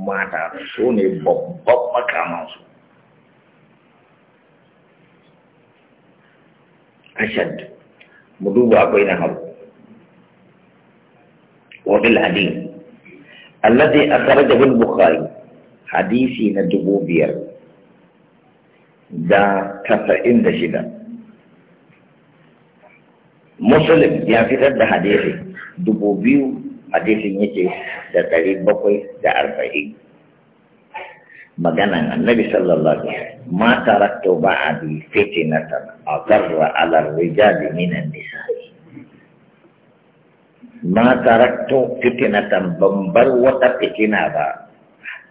mata su ne babban makamansu ashad mu duba akwai na hau wabil hadin الذي أخرجه البخاري حديثي ندبو بير دا تسعين دا شدا مسلم يا فتر دا حديثي دبو بيو hadisin yace da ɗari bakwai da arba'in maganan annabi sallallahu alaihi ma taraktu ba'di fitnatan adarra ala rijali minan nisa'i ma taraktu fitnatan bambar wata fitina ba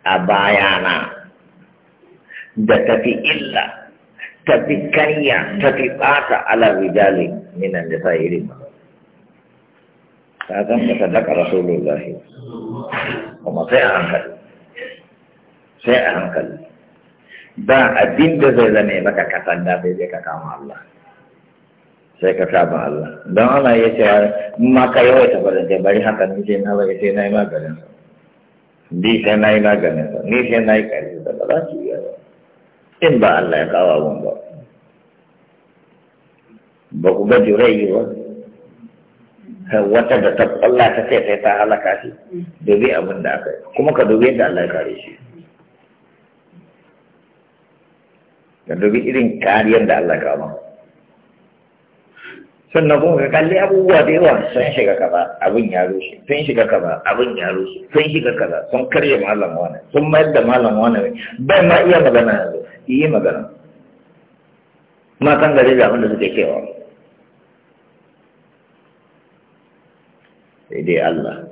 a bayana da tafi illa tafi karya tafi bata ala rijali minan nisa'i ta zan ka sadaka rasulullahi kuma sai a hankali sai a hankali ba zai zame maka katanda sai zai ka Allah sai ka Allah don Allah ya ce ma ka yawaita ba da bari haka ni sai na bari sai na yi maganin sa ni sai na yi ni sai na yi ƙarfi da ba za su in ba Allah ya kawo abun ba ba ku ba wata da ta kwalla ta ce sai ta halaka shi dobe abin da aka yi kuma ka dobe yadda Allah ya kare shi ka dobe irin kariyar da Allah ka kama sannan kuma ka kalli abubuwa da yawa sun shiga kaza abin ya rushe sun shiga kaza abin ya rushe sun shiga kaza sun karya malam wani sun mayar da malam wani bai ma iya magana yanzu yi magana matan gari da abin da suke kewa sai dai Allah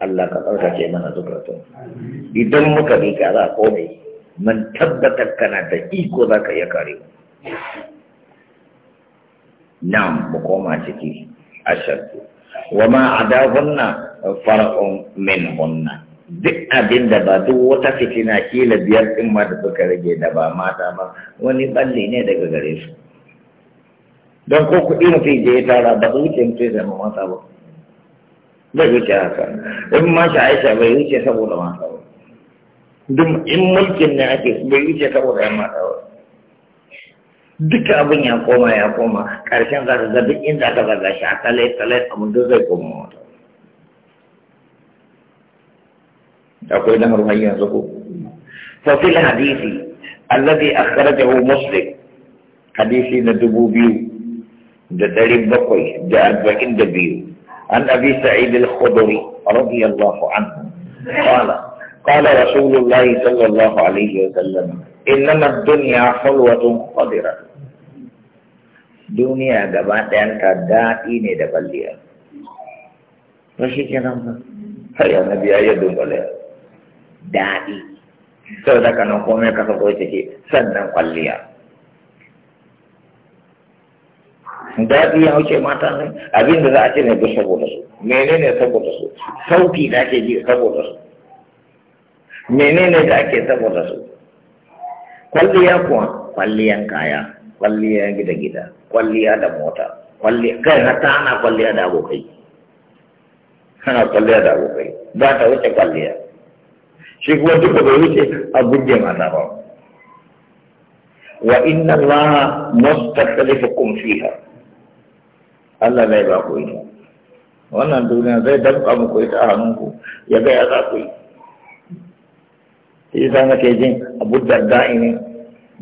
Allah ka tsarkake mana zukatun idan muka bi ka za mai man tabbatar kana da iko za ka iya kare nan mu koma ciki a shaddu wa ma adahunna far'un min hunna duk abin da ba duk wata fitina kila biyar din ma da suka rage da ba mata ba wani balle ne daga gare su don ko kuɗi mutum je ya tara ba su wuce mutum ya zama mata ba bai wuce haka in ma aisha bai wuce saboda mata ba duk in mulkin ne ake bai wuce saboda yan mata ba duka abin ya koma ya koma karshen za ta ga duk inda aka zaga shi a tale tale amma duk zai koma mata akwai na har yanzu ko fa fil hadisi alladhi akhrajahu muslim hadisi na dubu biyu da dari bakwai da arba'in da biyu عن أبي سعيد الخدري رضي الله عنه قال قال رسول الله صلى الله عليه وسلم إنما الدنيا حلوة قدرة دنيا جبات أنت داتي ندبليا وشي كلام هيا نبي أيد ولا داتي سودك نقوم يكسر وجهك سنن قليا daɗi ya wuce mata ne abinda za a ce ne duk saboda su menene saboda su sauki da ake ji saboda su menene da ake saboda su kwalliya kuwa kwalliyan kaya kwalliya gida gida kwalliya da mota kwalliya kai na ta ana kwalliya da abokai ana kwalliya da abokai ba ta wuce kwalliya shi kuma duka bai wuce A guje mata ba wa inna allaha mustaqlifukum fiha Allah zai ba ku wannan duniya zai damƙa muku ita a hannunku ya ga ya za ku yi shi nake jin abu da da'ini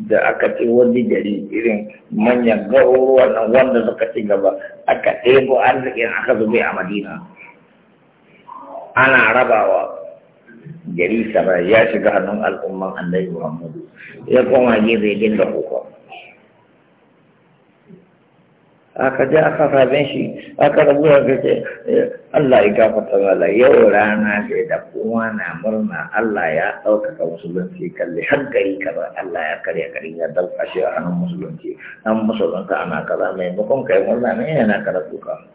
da aka ce wani gari irin manyan garuruwan nan wanda suka ci gaba aka ɗebo arzikin aka zube a madina ana rabawa gari saba ya shiga hannun al'umman annabi muhammadu ya koma gefe gindin da kuka aka je aka same shi aka rabu da ce eh, Allah ya gafarta wala yau rana ce da kowa na murna Allah ya ɗaukaka musulunci kalli har gari kaza Allah ya karya gari ya dauka shi a hannun musulunci an musulunta ana kaza maimakon kai murna ne yana kada kuka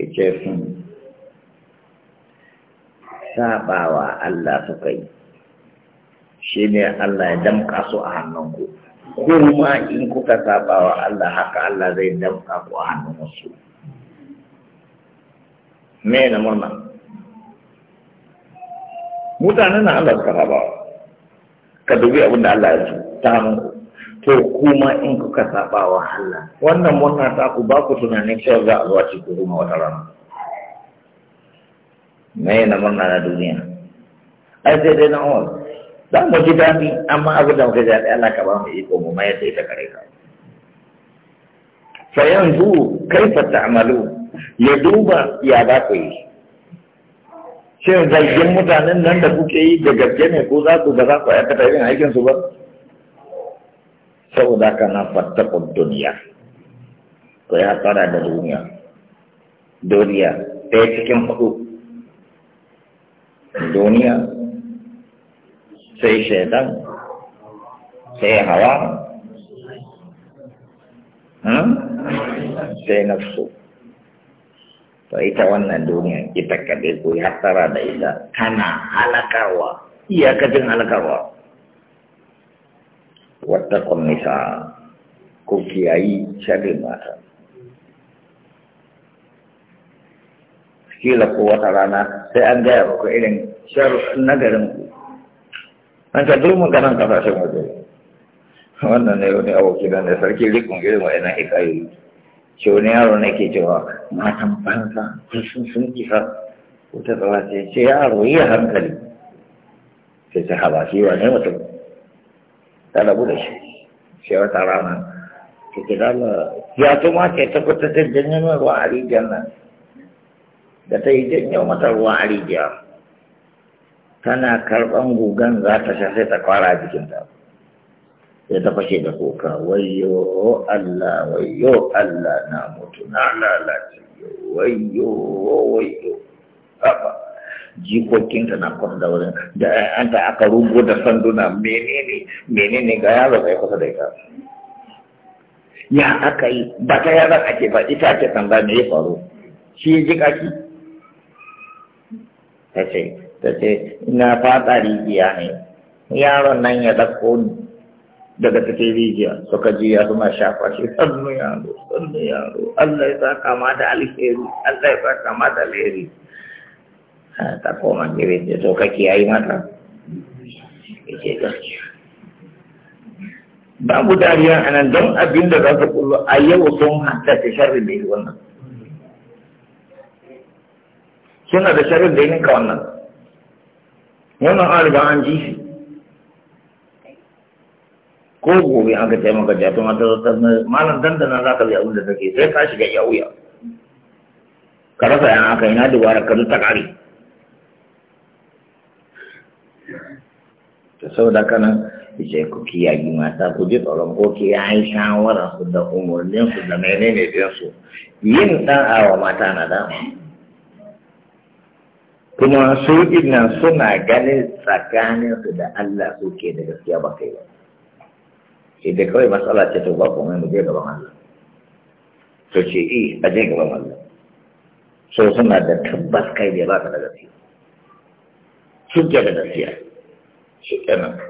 ya ce sun hmm, saɓawa Allah su kai. shi ne Allah ya damƙa su a hannunku kun ma in kuka saba Allah haka Allah zai damka ku a hannun wasu me na murna mutanen na Allah suka bawa. ka dubi abin da Allah ya ce ta hannun to kuma in kuka saba Allah wannan murna ta ku ba ku tunanin cewa za a zuwa ku kuma wata rana me na murna na duniya ai sai dai na Allah za mu ji daɗi amma abin da muka daɗi Allah ka ba mu iko mu mayar da ita kare ka fa yanzu kaifa ta'malu ya duba ya za ku yi shin zargin mutanen nan da kuke yi da gaske ne ko za ku ba za ku aikata irin aikin su ba saboda ka na ku duniya ko ya fara da duniya duniya ɗaya cikin hudu duniya sai shaitan sai hawa hmm? sai nafsu to ita wannan duniya ita kaɗai ko ya tsara da ita tana halakarwa iyakacin halakarwa wata kwamisa ko kiyayi shaɗin mata kila ko wata rana sai an gaya ku irin nagarin ku an ka duk maganan kasashen waje wannan ne wani aboki da ne sarki rikon irin wa'annan hikayoyi ce wani yaro ne ke cewa matan banza sun sun isa ko ta tsara ce ce yaro yi hankali sai ta haba shi wa ne mutum ta rabu da shi sai wata rana ta kira ya tuma ce ta ta janyo ruwa a rijiyar ta mata ruwa a tana karɓan gugan za ta sha ta kwara jikinta Ya ta fashe da kuka wayo Allah wayo Allah na mutu na lalace wayo wayo haba jikokinta na da wurin da an ta aka rugo da sanduna menene menene ga yaro sai kusa da ita ya aka yi ba ta yaran ake ba ita ce tanda me ya faru shi ya ji kaki ta ce ta ce ina fata rijiya ne yaron nan ya dauko daga cikin rijiya suka ji ya suna shafa shi sannu yaro sannu yaro Allah ya saka ma da alheri Allah ya saka ma da alheri ta koma gire ce to ka yayi mata yace gaskiya babu dariya nan don abin da za su kullu a yau sun hatta ta sharri da wannan suna da sharri da yin ka wannan wannan an riga an ji shi ko gobe aka ce maka jatun wata zata malam dandana za ka bi abin da take sai ka shiga iya wuya ka rasa yana aka ina dubara ka ta kare ta saboda kana ce ku kiyaye mata ku ji tsoron ko ki yi shawara su da umarninsu da menene din yin da'a wa mata na dama kuma su nan suna ganin tsakaninsu da Allah suke da gaskiya ba kai ba sai dai kawai matsala ce ta ba kuma mu gaban Allah to ce eh a je gaban Allah so suna da tabbas kai ne ba ka da gaskiya suke da gaskiya shi kenan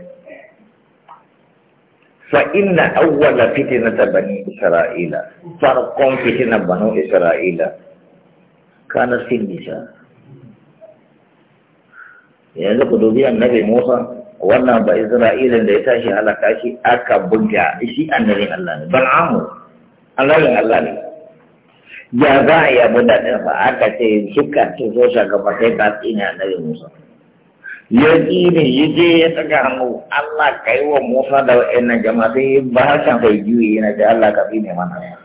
فإن أول فتنة بني إسرائيل فرق فتنة بنو إسرائيل كانت في النساء yanzu ku dubi annabi Musa wannan ba Isra'ila da ya tashi halaka shi aka buga shi annabi Allah ne amu annabi Allah ne ya za a yi abu da ɗansa aka ce suka tuso shagabatai ka ne annabi Musa ya ne ya je ya saka hannu Allah ka yi wa Musa da wa'annan jama'a sai ba harshen kai juyi yana da Allah ka neman mana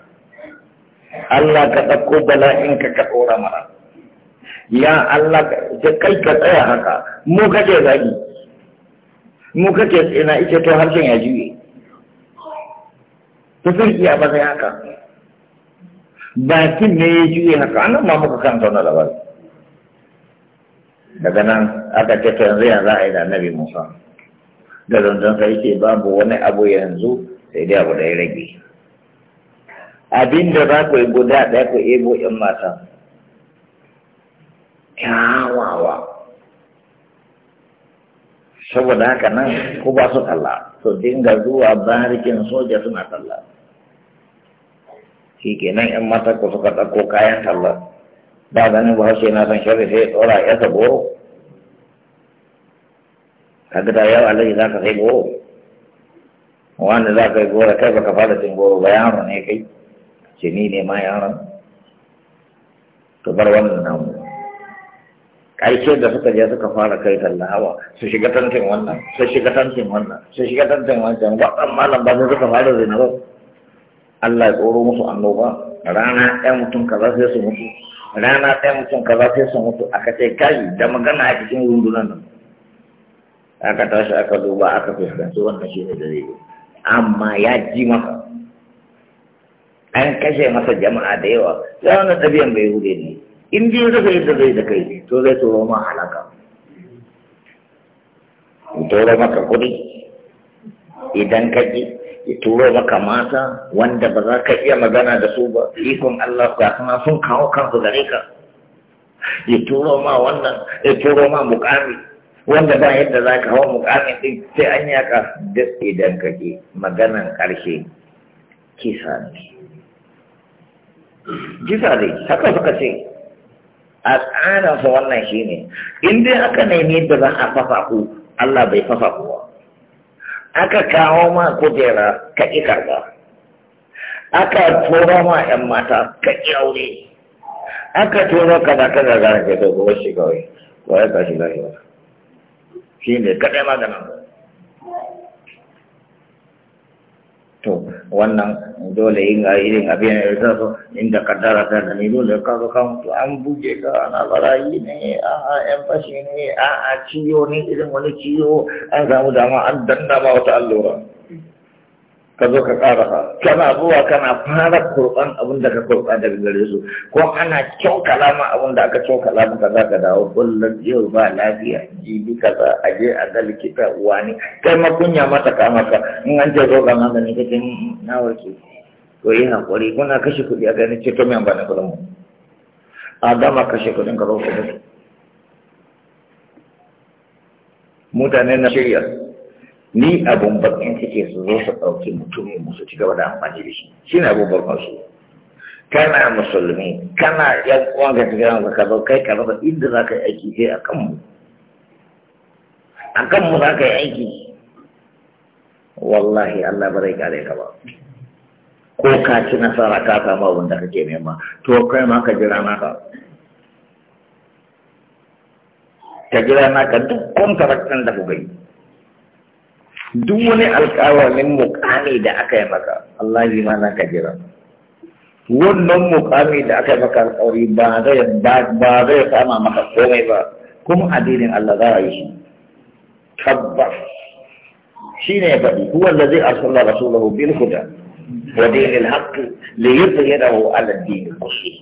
Allah ka ɗauko bala'in ka ka ɗora mara. ya Allah ce kai ka tsaya haka mu kake zagi mu kake tsina ita to harshen ya juye ta sarkiya ba zai haka bakin ne ya juye haka anan ma muka kan zauna labari daga nan aka ce yanzu yanzu a yi da annabi musa da rundun sai yake babu wani abu yanzu sai dai abu da ya rage abin da za ku yi guda ɗaya ku ebo 'yan mata kyawawa saboda haka nan ko ba su kalla dinga zuwa barikin soja suna talla. shi kenan yan mata ku suka ɗauko kayan talla ba ganin ba haushe na san shari sai tsora ya sa goro kaga da yawa alaji za ka sai goro wanda za ka yi goro kai baka fara cin goro ba yaro ne kai ce ni ne ma yaron to bar wannan namu ƙarshe da suka je suka fara kai talla hawa su shiga tantin wannan su shiga tantin wannan su shiga tantin wancan waɗan malam ba sun suka fara zinaro Allah ya tsoro musu annoba rana ɗaya mutum kaza sai su mutu rana ɗaya mutum kaza sai su mutu aka ce kai da magana a cikin rundunan nan aka tashi aka duba aka fuskanci wannan shi ne da zai amma ya ji maka an kashe masa jama'a da yawa sai wannan ɗabi'an bai hude ne in dai rufe yadda zai da kai to zai turo ma halaka in turo maka kuɗi idan ka ji ya turo maka mata wanda ba za ka iya magana da su ba ikon Allah ga suna sun kawo kansu gare ka ya turo ma wannan ya turo ma mukami wanda ba yadda za ka hawa mukamin din sai an yaka duk idan ka ji maganan ƙarshe kisa ne kisa ne haka suka ce a tsarinsa wannan shi ne in dai aka nemi da za a fasa ku Allah bai fasa ku ba aka kawo ma kujera ka ƙi karɓa aka tura ma ‘yan mata ka ƙi aure aka tura ka da ka gagara ke to gobe shi kawai ba ya tashi lafiya shi ne kaɗai maganin wannan dole yin ga irin abin da ya inda kaddara ta da ni dole ka zo kan to an buge ka ana barayi ne a a yan fashi ne a a ciyo ne irin wani ciyo an samu dama an danna ba wata allura ka zo ka ƙarasa kana zuwa kana fara kurɓan abin da ka kurɓa daga gare su ko ana kyaukala ma abin da aka kyaukala ma ka za ka dawo kullum yau ba lafiya jibi kaza a je a ga likita wani kai ma kunya mata ka maka in an je zo ga magani ka ce na warke to yi haƙuri kuna kashe kuɗi a ganin ce to mai amfani kuɗin mu a dama kashe kuɗin ka zo kuɗin mutane na shirya ni abun bakin suke su zo su ɗauki mutumin musu ci gaba da amfani da shi shi ne abun kansu kana musulmi kana yan uwan ga cikin ka ka zo kai ka raba inda za ka yi aiki sai a kanmu a kanmu za ka yi aiki wallahi Allah ba zai kare ka ba ko ka ci nasara ka samu abin da kake nema to kai ma ka jira naka ka jira naka duk kwantarar ɗin da ku gani duk wani alƙawarin mukami da aka yi maka Allah bi mana ka jira wannan mukami da aka yi maka alƙawari ba zai ba zai kama maka komai ba kuma addinin Allah za a yi shi tabbas shine ya faɗi huwa allazi arsala rasulahu bil huda wa dinil haqq li yudhhirahu ala ad-din kulli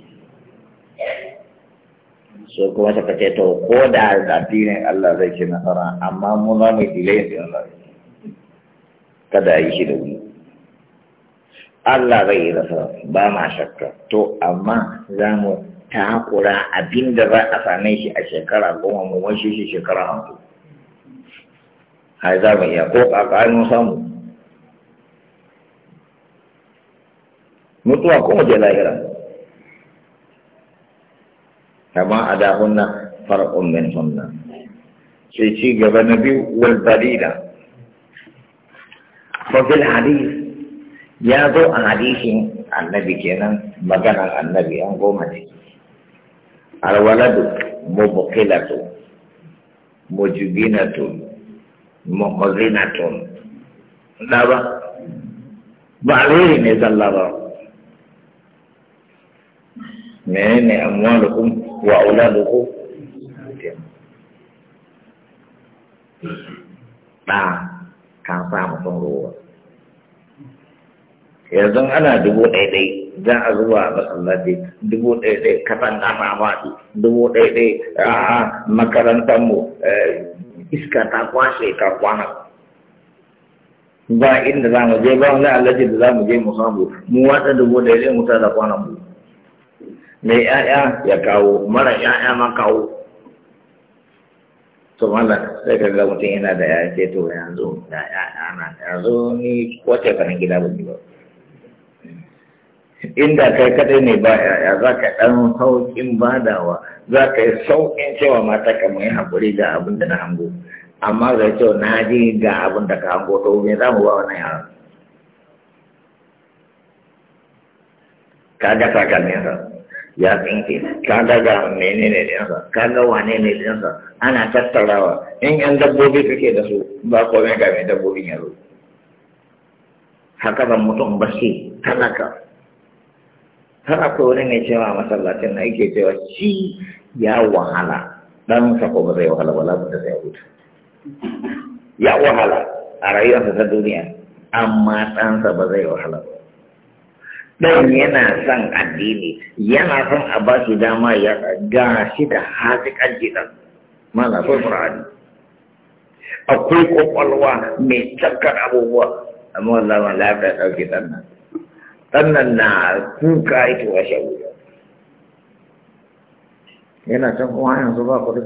so kuma ta kace to ko da addinin Allah zai ci nasara amma mu zama dilayin Allah kada yi shi da wuri Allah zai yi rasa ba ma shakka to amma za mu takura abin da za a same shi a shekara goma mu wanshi shi shekara hamsin har za mu iya ko ƙaƙarin samu mutuwa kuma je lahira kama a dahunna far'un min hunna sai ci gaba na biyu wal barida وفي الحديث ya zo a hadisin annabi kenan maganar annabi an goma ne alwaladu mubqilatu mujbinatu muhzinatu da ba ba alheri ne wa ka samu mutum ruwa yanzu ana dubu ɗaiɗai za a zuwa a masallaci dubu ɗaiɗai kasan ƙasa faɗi dubu ɗaiɗai a makarantarmu eh, iska ta kwashe ka kwana ba inda za mu je ba wani alaji da za mu je mu samu mu wata dubu ɗaiɗai mu ta da kwanan mu mai 'ya'ya ya kawo mara 'ya'ya ma kawo to mala sai ka ga mutum yana da ya ce to yanzu da ana yanzu ni kwace kanan gida ba ba inda kai kadai ne ba yaya za ka ɗan sauƙin badawa za ka yi saukin cewa mata ka mai haƙuri ga abin da na hango amma ga ce na ji ga abin da ka hango to me za mu ba wannan ka ga sakamin ya tsinke ka daga menene ɗinsa ka ga wane ne ɗinsa ana tattarawa in yan dabbobi kake da su ba ko mai ga mai dabbobin yaro haka ban mutum ba shi talaka tana ko wani mai cewa masallacin na yake cewa shi ya wahala dan sa ko ba zai wahala ba la ba zai huta ya wahala a rayuwarsa ta duniya amma dan sa ba zai wahala ba ɗan yana son addini yana son a ba su dama ya ga shi da haziƙar jiɗan mana so furani akwai kwakwalwa mai cakkar abubuwa amma wallah ma lafiya ɗauki ɗan nan ɗan nan na kuka ita washe wuya yana can kuma yanzu ba kuɗi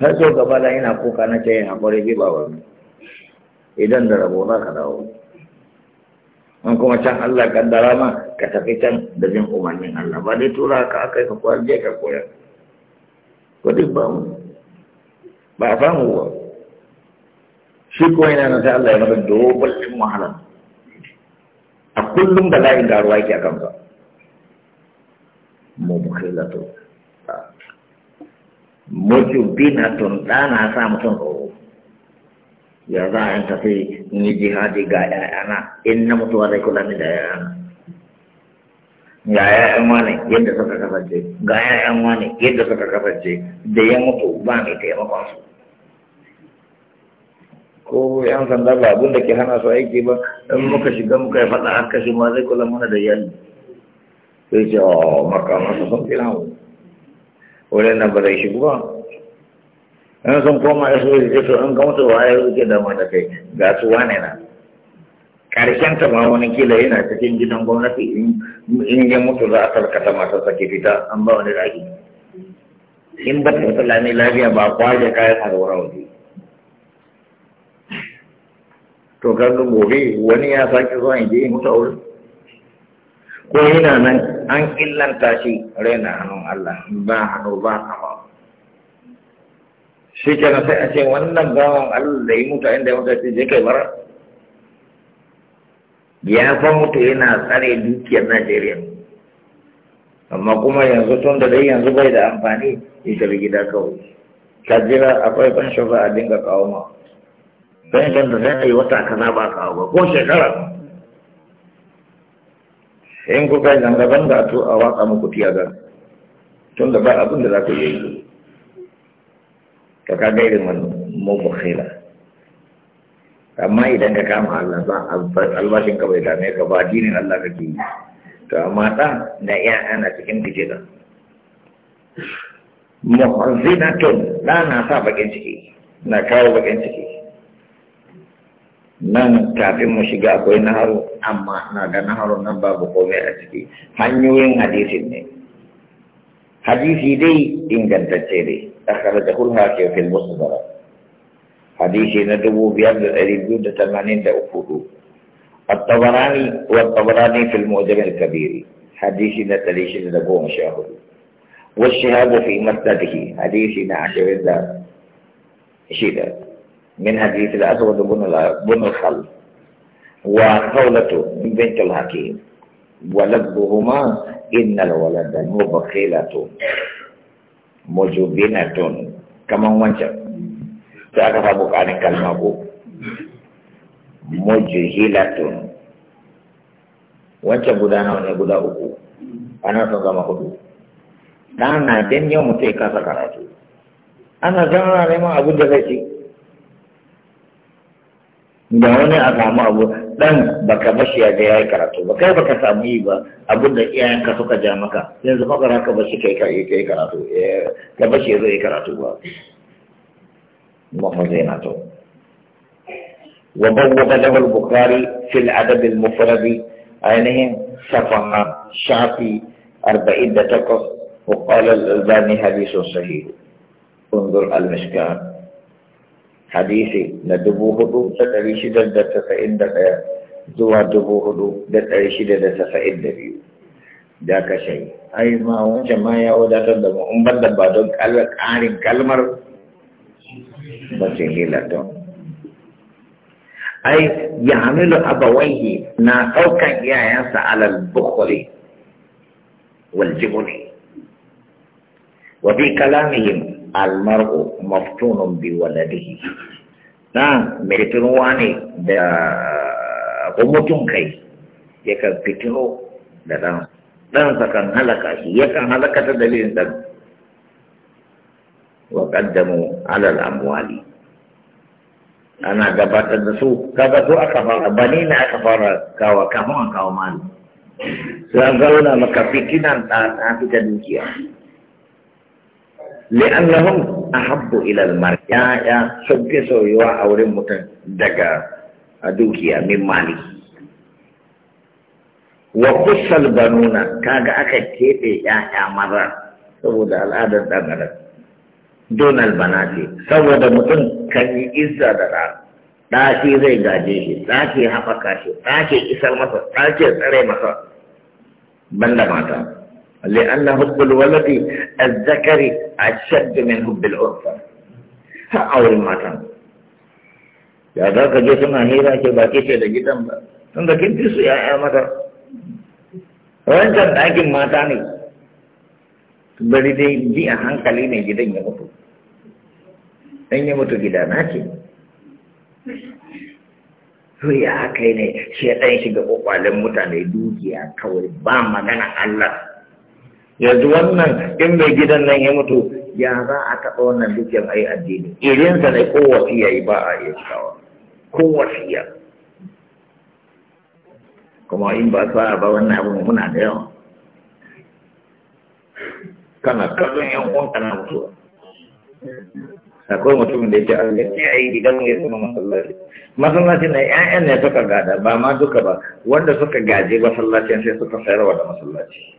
har so gaba da yana kuka na ce yana haƙuri bi ba wani idan da rabu za ka dawo in kuma can Allah kaddara ma ka tafi can da jin umarnin Allah ba dai tura ka aka yi ka koyar je ka koyar kudin ba mu ba a samu ba shi kuma yana nan sai Allah ya masa dogon cin wahala a kullum da layin garuwa yake a kansa mu mukhilato mujubinatun dana sa mutum tsoro ya za a tafi ni jihadi ga ‘ya'yana in na mutuwa zai kula ni da ‘ya'yana ga ‘ya'yan wane yadda suka kasance ga ‘ya'yan wane yadda suka kasance da ya mutu ba mai taimakon su ko ‘yan sanda ba abin da ke hana su aiki ba in muka shiga muka yi faɗa haka shi ma zai kula mana da yanzu. sai ce o makamasa sun fi namu wurin nan ba zai shigo ba in sun koma da su ya to in gamsu ya yake da mata kai ga su wane na karshen ta ma wani kila yana cikin gidan gwamnati in ya mutu za a karkata masu sake fita an ba wani ragi in ba ta wata lami lafiya ba kwaje kayan harwara waje to kaga gobe wani ya sake zuwa in je in a aure ko yana nan an illanta shi raina hannun Allah ba hannu ba kafa shi kenan sai a ce wannan gawon Allah da yi mutu inda ya mutu ce je kai bara ya fa mutu yana tsare dukiyar Najeriya amma kuma yanzu tun da dai yanzu bai da amfani ya tafi gida kawai ka jira akwai fanshin za a dinga kawo ma fanshin da sai a yi wata kaza ba kawo ba ko shekara in kuka zanga-zanga to a watsa muku tiyaga tun da ba abin da za ku yi to ka ga irin mugun khila amma idan ka kama Allah ba albashin ka bai dame ka ba dinin Allah kake yi to amma da na iya ana cikin bijira muhazzinatun da na sa bakin ciki na kawo bakin ciki nan kafin mu shiga akwai naharu amma na ga naharu nan babu komai a ciki hanyoyin hadisin ne حديث دي إن كان تجري أخرج كل هاكي في المصدر حديث ندبو بيان العريب دون تمانين تأفوه الطبراني والطبراني في المؤجم الكبير حديث نتليش ندبو مشاهده والشهاب في مسنده حديث نعشر الدار شيدا من حديث الأسود بن الخل وخولته من بنت الحكيم ولدهما إن الولد مبخلة مجبنة كما وانشا تعرف أبوك عن الكلمة أبوك مجهلة wancan guda nawa ne guda uku ana son zama hudu ɗan na den yau mutum ya kasa karatu ana zama neman abin da zai ci da wani a samu abu dan baka bashi ya ya karatu ba kai baka samu yi ba abin da iyayenka suka ja maka yanzu fa ka bashi kai kai kai karatu ka bashi ya zo yi karatu ba mahu zai na to wa bawwada lahu al-bukhari fi al-adab al-mufrad ainihin safaha shafi 48 وقال الألباني حديث صحيح انظر المشكات hadisi na dubu hudu da ɗari shida da tasa'in da ɗaya zuwa dubu hudu da ɗari shida da tasa'in da biyu da ka shayi. ai ma wancan ma ya wadatar da mu in ban da ba don ƙarin kalmar mutum hilatun ai ya hamilu abawaihi na ɗaukan iyayensa alal bukhari wal jibuni wa bi kalamihim almar'u maftunun bi waladihi na mai fitinuwa ne da mutum kai yakan fitino da ɗan ɗansa kan halaka shi yakan halaka ta dalilin ɗan wa qaddamu ala al-amwali ana gabatar da su kaga to aka fara bani na aka fara kawa kama kawo mali sai an zauna maka fitinan ta ta fita dukiya li'annahum ahabbu ila al-mar sabbi soyuwa a wurin mutum daga dukiya min mali wa kusal banuna kaga aka keɓe ya'ya maza saboda al'adar ɗan donal banati saboda mutum kan yi izza da ɗa shi zai gaje shi ɗaki haɓaka shi ɗaki isar masa ɗaki tsare masa banda mata لأن حب الولد الذكر أشد من حب الأنثى أو المتن يا ذاك جسنا هيرا كباكي شيء لجدا تنده كنت سو يا مدر وين كان داكين ماتاني bari dai bi a hankali ne gidan ya mutu dan ya na ce ya aka ne shi ya ɗan shiga ƙwaƙwalen mutane dukiya kawai ba magana Allah yanzu wannan in mai gidan nan ya mutu ya za a taɓa wannan dukiyar a yi addini irinsa ne ko wasiya yi ba a iya cikawa ko wasiya kuma in ba sa ba wannan abin muna da yawa kana kallon yan uwan kana mutuwa akwai mutumin da ya ce ah, a yi a yi gidan ya zama masallaci masallacin na ƴaƴan ne suka gada ba ma duka ba wanda suka gaje masallacin sai suka sayarwa da masallaci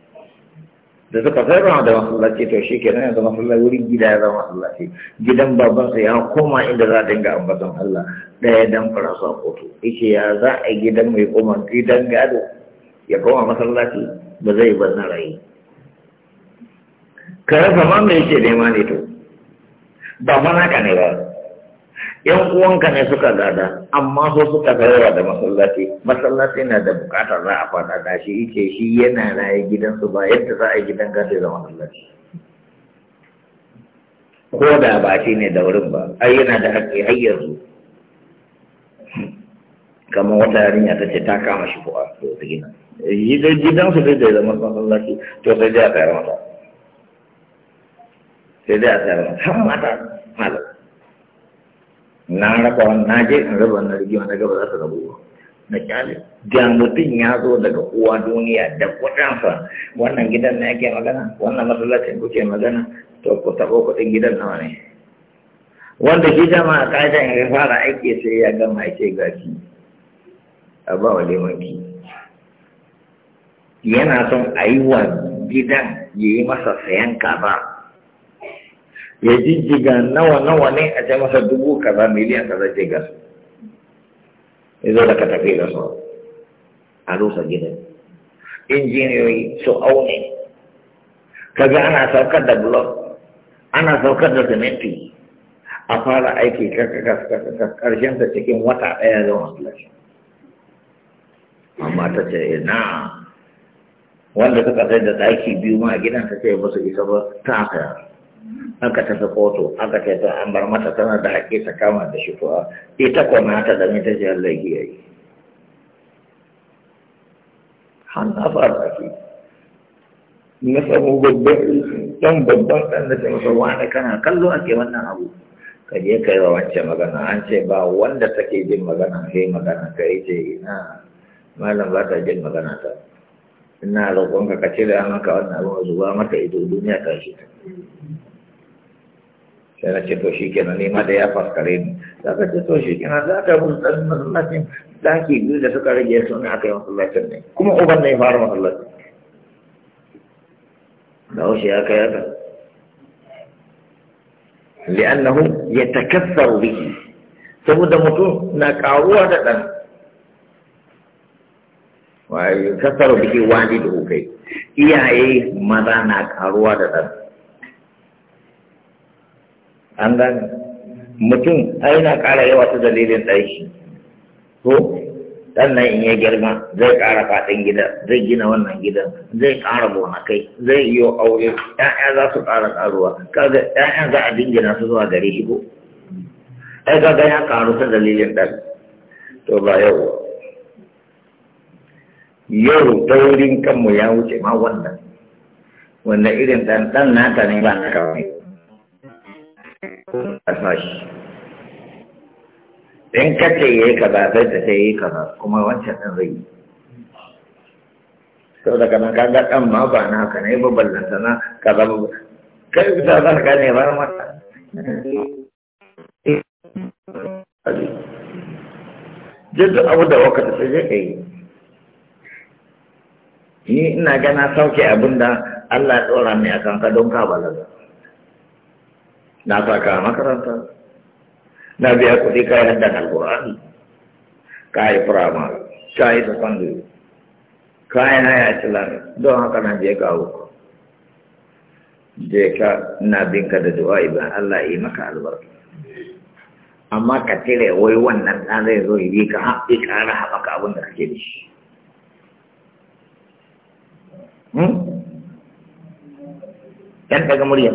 da suka saba da masallaci to shi kenan yanzu masallaci wurin gida ya zama masallaci gidan babansa ya koma inda za a dinga ambaton Allah ɗaya dan fara su a kotu ishe ya za a gidan mai koma gidan gado ya koma masallaci ba zai bar na rayu ka rasa ma me yake nema ne to ba mana ka ne ba yan uwanka ne suka gada amma so suka tsayawa da masallaci masallaci na da bukatar za a fada da shi ice shi yana raye gidansu ba yadda za a yi gidan gashi da masallaci ko da ba shi ne da wurin ba ai yana da haƙƙi har yanzu kamar wata yarinya ta ce ta kama shi ko a ta gina su zai da zama masallaci to sai dai a tsayar mata sai dai a tsayar mata har mata malam na raba na je in raba na rigima na gaba za su rabu ba na kyale da mutum ya zo daga uwa duniya da kudansa wannan gidan na yake magana wannan masallacin ke magana to ta taɓo kuɗin gidan nawa ne wanda shi dama a ƙa'idan ya fara aiki sai ya gama ya ce gashi a ba wa lemanki yana son a yi wa gidan ya yi masa sayan kaza ya jijjiga nawa nawa ne a ce masa dubu kaza miliyan kaza ce gas ya zo da ka tafi da su a rusa gidan injiniyoyi su aune ga ana saukar da blok ana saukar da siminti a fara aiki karshen ta cikin wata da zama lashe amma ta ce ina wanda suka sai da daki biyu ma a gidan ta ce ba su isa ba ta sayar aka tafi kotu aka ce ta an bar mata tana da haƙƙi ta kama da shi kuwa ita kwana ta da mita jiyar laifi yi hannu fara ki na samu babban babban ɗan da sai masa wani kana kallo ake wannan abu ka je ka yi wa wancan magana an ce ba wanda take jin magana sai magana ka yi ce ina malam ba ta jin magana ta ina roƙonka ka cire maka wannan abu zuba mata ido duniya ta shi sai na ce to shi kenan nema da ya ni za ka ce shi kenan za ka mun ɗan masallacin daki biyu da suka rage su ne aka yi masallacin ne kuma uban ne fara masallacin da haushe ya kai haka li'annahu yatakassaru bihi saboda mutum na karuwa da ɗan kasar biki wani da kai iyaye maza na karuwa da ɗan an gane mutum ai na ƙara yawa ta dalilin ɗanshi ko sannan in ya girma zai ƙara faɗin gida zai gina wannan gidan zai ƙara kai, zai yi aure ƴaƴa za su ƙara ƙaruwa kaga ƴaƴan za a dingina su zuwa gare shi ko ai kaga ya ƙaru ta dalilin ɗan to ba yau yau taurin kanmu ya wuce ma wannan wannan irin ɗan ɗan naka ne ba na kawai a sashi in ka ce ya yi kaza sai ta ce ya yi kaza kuma wancan ɗin zai yi sau da kanan kaga ɗan ma ba na haka ne ba ballanta na kaza ba kai bisa za ka gane ba mata jirgin abu da wakata sai zai yi ni ina gana sauke abin da Allah ya ɗora mai a ka don ka balaga na saka a makaranta na biya kuɗi kayi haddan alƙur'ani kayi firama kayi sakandare kayan haya islami don haka nan je ka hau je ka na binka da du'a ibn Allah yi maka albarka amma ka tire wai wannan ɗan zai zo yi ka haɓe ƙara haɓaka abin da kake da shi hmm? ‘yan daga murya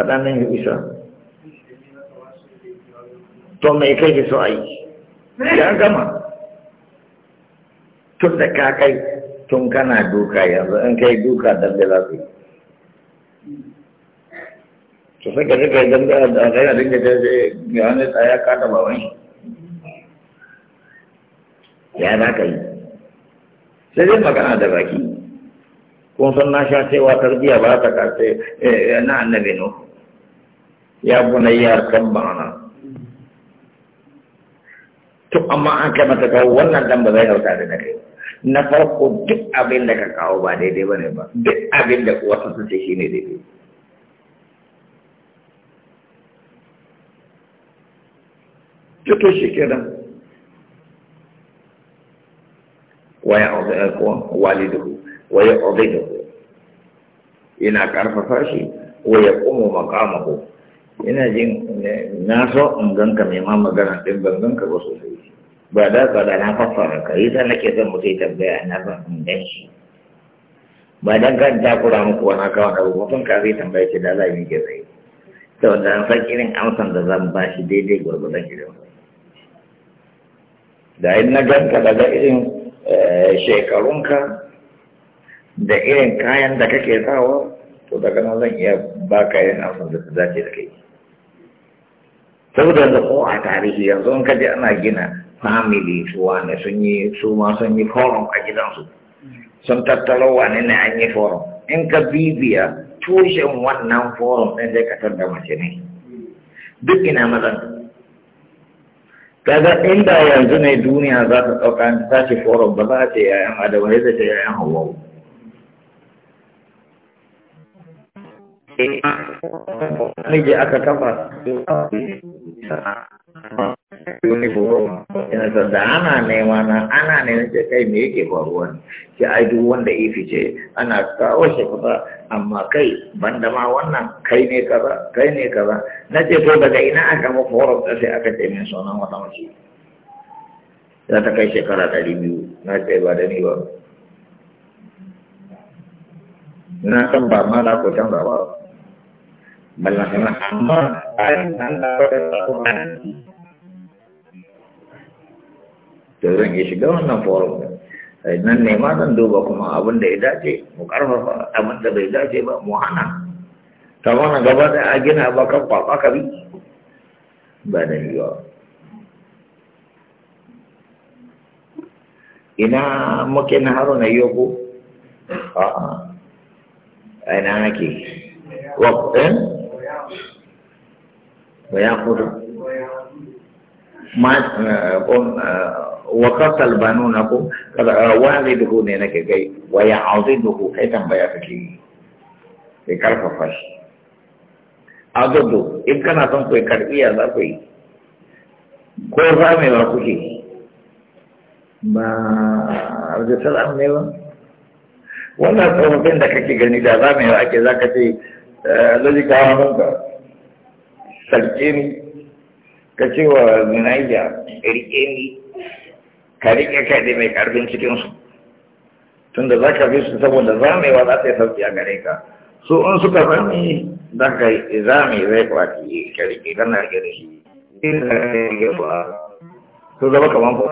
faɗa nan ya isa to mai kai ki so a ya gama tun da ka kai tun kana duka yanzu in kai duka dambe za su yi to sai ka kai dambe a kai a dinga ta ce ga wani tsaya ka taɓa wani ya za ka yi sai dai magana da baki kun san na sha cewa tarbiyya ba ta kace eh, na annabi nuhu ya bunayya kan ma'ana to amma an kai mata kawo wannan dan ba zai hauta da kai na farko duk abin da ka kawo ba daidai bane ba duk abin da kuwa sun ce shine daidai to shi kenan waya ko walidu waya ubidu ina karfafa shi waya kuma maqamahu ina jin na so in ganka mai ma magana din ban ganka ba sosai ba da ka da na fafara ka yi ta nake son mutai tambaya na son in gan shi ba dan kan takura muku wani kawan abu mutum ka zai tambaye ki da za yi ke to da an san irin amsan da zan ba shi daidai gwargwadon gidan da in na ganka daga irin eh, shekarunka da irin kayan da kake sawa to daga nan zan iya baka yin amsan da ta dace da kai saboda yanzu ko a tarihi yanzu in kaji ana gina family su wane sun yi su ma sun yi forum a gidansu sun tattalo wane ne an yi forum in ka bibiya tushen wannan forum ɗin zai katar da mace ne duk ina mazan kaga inda yanzu ne duniya za ta ɗauka ta ce forum ba za ta yayan adamu zai ta yayan hawawu miji aka kafa uniform yana ta da ana nema na ana neman ce kai me yake faruwa ne ce ai duk wanda ya fice ana kawo shi kaza amma kai banda ma wannan kai ne kaza kai ne kaza na ce ko daga ina aka maka horon sai aka ce min sunan wata mace za ta kai shekara ɗari biyu na ce ba da ni ba na san ba ma na ko can ba Bagaimana ya shiga wannan forum nan zan duba kuma abin da ya dace mu karfafa abin da bai dace ba mu hana ta gaba da a ba da yiwa ina muke na haro na yiwa ko a'a ويأخذ ما وقت البنون أكو والده نينك جاي ويعضده حيث بياتكي في كرف فش أضده إن كان أصنع في كربية ذا في كور رامي وكوشي ba da salam ne ba wannan tsohon da kake gani da za mu yi ake za ka ce lalikawa manka sarke ni ka ce wa zinayya rike ni ka rike kaɗe mai karfin cikinsu tunda za ka fi su saboda zamewa za ta yi sauki a gare ka su in suka zame za ka yi eh, zame zai kwaki eh, ka rike kana rike da shi inda ka rike ba su zama kamar ba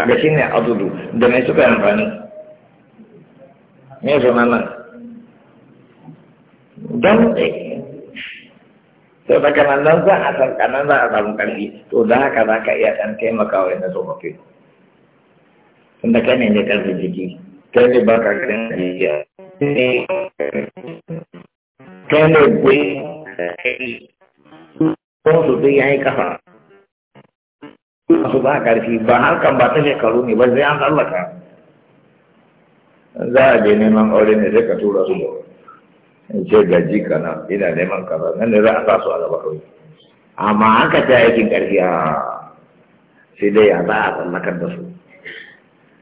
a ga shi ne adudu da mai suka yi amfani me zama nan don tsaye sau da kanan za a san kanan za a samu karfi to da haka za ka iya ɗan taimakawa yana zo mafi tunda kai ne ne karfin jiki kai ne ba ka garin jijiya kai ne gwai kuma su ya yi kafa su ba karfi ba harkan ba ta shekaru ne ba zai an tsallaka za a je neman aure ne zai ka tura su da wuri in ce gaji kana ina neman nan ne za a sa su a gaba kawai amma an ka ta aikin ƙarfi a sai dai ya za a tsallakar da su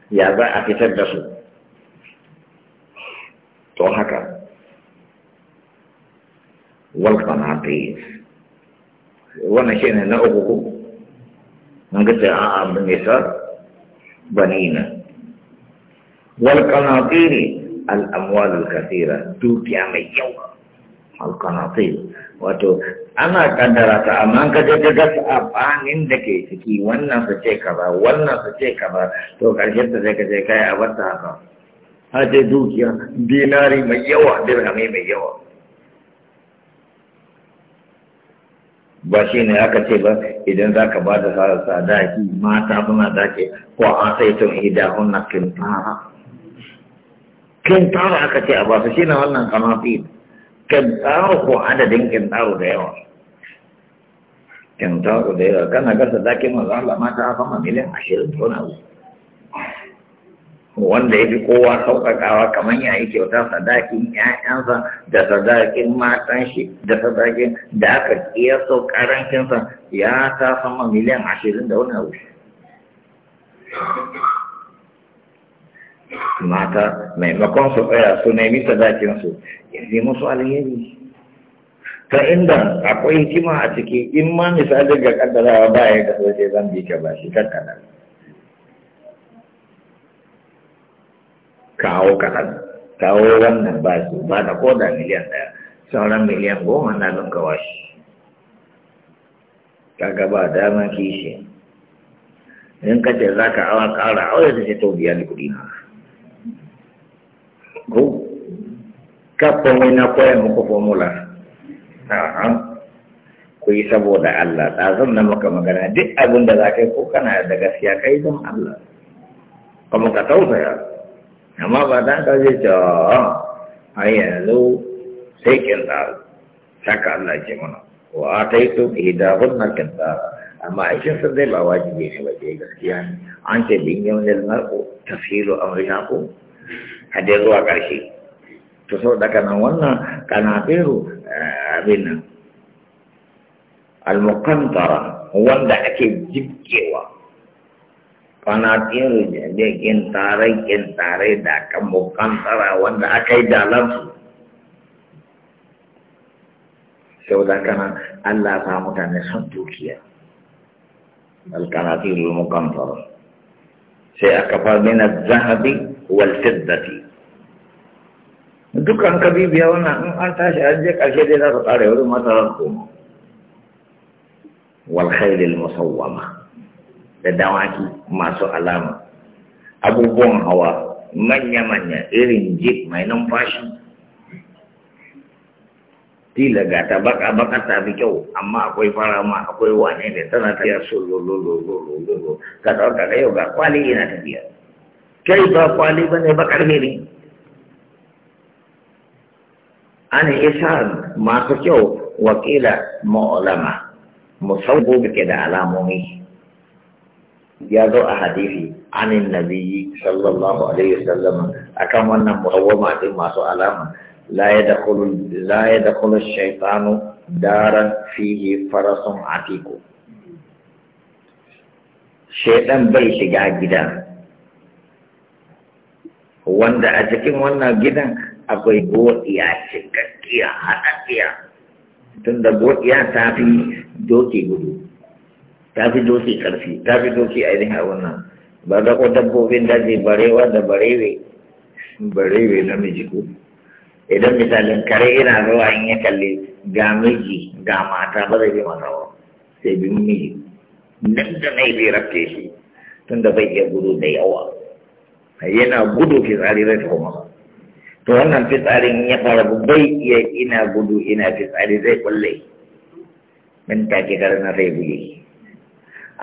ya za a fitar da su to haka wal qanatis wannan shine na uku an ga a abin nisa banina wal qanatiri al'amwalul kasira dukiya mai yawa alkanatil wato ana kadarata ta amma ka je ka ga da ke ciki wannan su ce kaza wannan su ce kaza to karshen ta sai ka je kai a wata haka har dukiya dinari mai yawa dirhami mai yawa ba shi ne aka ce ba idan za ka ba da sadaki mata suna dake ko an sai tun idahun na kintara kentaro aka ce a basu shi ne wannan kanafi kentaro ko adadin kentaro da yawa kentaro da yawa kana gasa dakin maza Allah mata a fama miliyan ashirin ko na wanda ya fi kowa sauƙaƙawa kamar ya yi kyauta sadakin ‘ya'yansa da sadakin matan shi da sadakin da aka iya sau ƙarancinsa ya ta sama miliyan ashirin da wani abu mata maimakon su tsaya su nemi sadakinsu yanzu musu alheri ta inda akwai hikima a ciki in ma misali ga kaddarawa ba ya kasar sai zan bi ka ba shi kakkana kawo kaɗan kawo wannan ba su ba da koda miliyan ɗaya sauran miliyan goma na lunga washi Ta ba daman kishi in ka ce za ka awa ƙara aure ta ce to biya kuɗi na ko Ka wani na koya muku formula ku yi saboda Allah ɗazan na maka magana duk abin da za yi ko kana da gaskiya kai don Allah kuma ka tausaya amma ba dan ka zai ce a yanzu sai kinta saka Allah ce mana wa a ta yi tun idahun na kinta amma aikin sun zai ba wajibi ne ba ke gaskiya an ce bin yau ne na ko tafsiru amurka ko hadai zuwa ƙarshe to sau da kanan wannan kanafiru eh, abin nan almukantara wanda ake jibkewa kanafiru da kintarai kintarai da kan mukantara wanda aka yi dalansu sau da kanan allah ta mutane son dukiya alkanafiru mukantara sai aka fara mina zahabi an kabi biya wannan in an tashi an je ƙarshe dai za su ƙare wurin masarar koma wal musawwama da dawaki masu alama abubuwan hawa manya-manya irin jeep mai numfashi tila ga ta baka baka ta fi kyau amma akwai fara ma akwai wane ne tana tafiya so lolo lolo lolo ka ɗauka ga yau ga kwali yana tafiya kai ba kwali ba ne bakar ne an isa masu kyau wakila ma'ulama musabbu ke da alamomi ya zo a hadisi anin nabiyyi sallallahu alaihi wasallam akan wannan muhawwama din masu alama la yadkhulu la yadkhulu ash-shaytanu daran farasun atiku Shaidan bai shiga gidan. wanda a cikin wannan gidan akwai godiya cikakkiya haɗaɗɗiya tun da godiya ta fi doki gudu ta fi doki ƙarfi ta fi doki a ainihin a wannan ba da ko dabbobin daji barewa da barewe barewe na miji ko idan misalin kare ina zuwa in ya kalli ga miji ga mata ba zai bi masa ba sai bi miji nan da nai bai rafke shi tun da bai iya gudu da yawa yana gudu fitsari zai tafi to wannan fitsarin ya fara bai iya ina gudu ina fitsari zai kulle min take na zai buge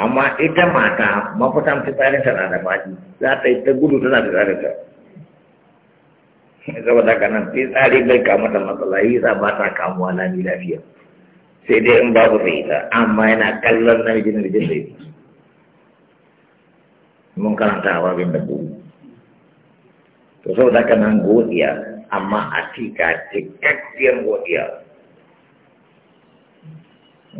amma ita mata mafutan fitsarin ta na da faɗi za ta yi ta gudu tana fitsarin ta saboda ka nan fitsari bai kama da matsala yi za ba ta kamuwa lami lafiya sai dai in babu sai ita amma yana kallon namijin da jin mun karanta a da dabbobi to saboda haka nan godiya amma a tika cikakkiyar godiya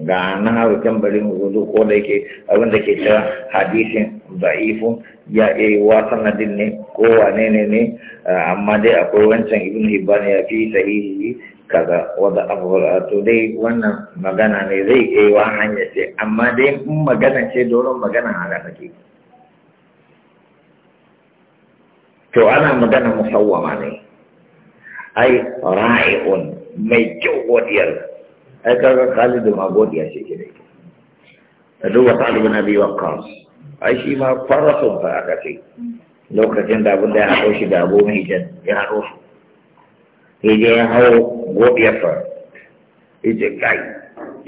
ga nan a rukan barin hudu ko da yake abin da ke ta hadisin da'ifun ya eh wasan nanti ne ko wane ne ama amma dai akwai wancan ibu hibah ya fi sahihi kaza wadda abubuwa to dai wannan magana ne dek eh wahanya hanya ce amma dai magana si dorong magana hana lagi. to ana magana musawwama ne ai ra'i'un mai kyau godiyar ai kaga khalidu ma godiya ce ke da ita da duba na biyu a waqqas ai shi ma sun fa ka ce lokacin da abin da ya haɗo shi da abu mai jan ya haɗo su sai dai ya hau godiyar fa yace kai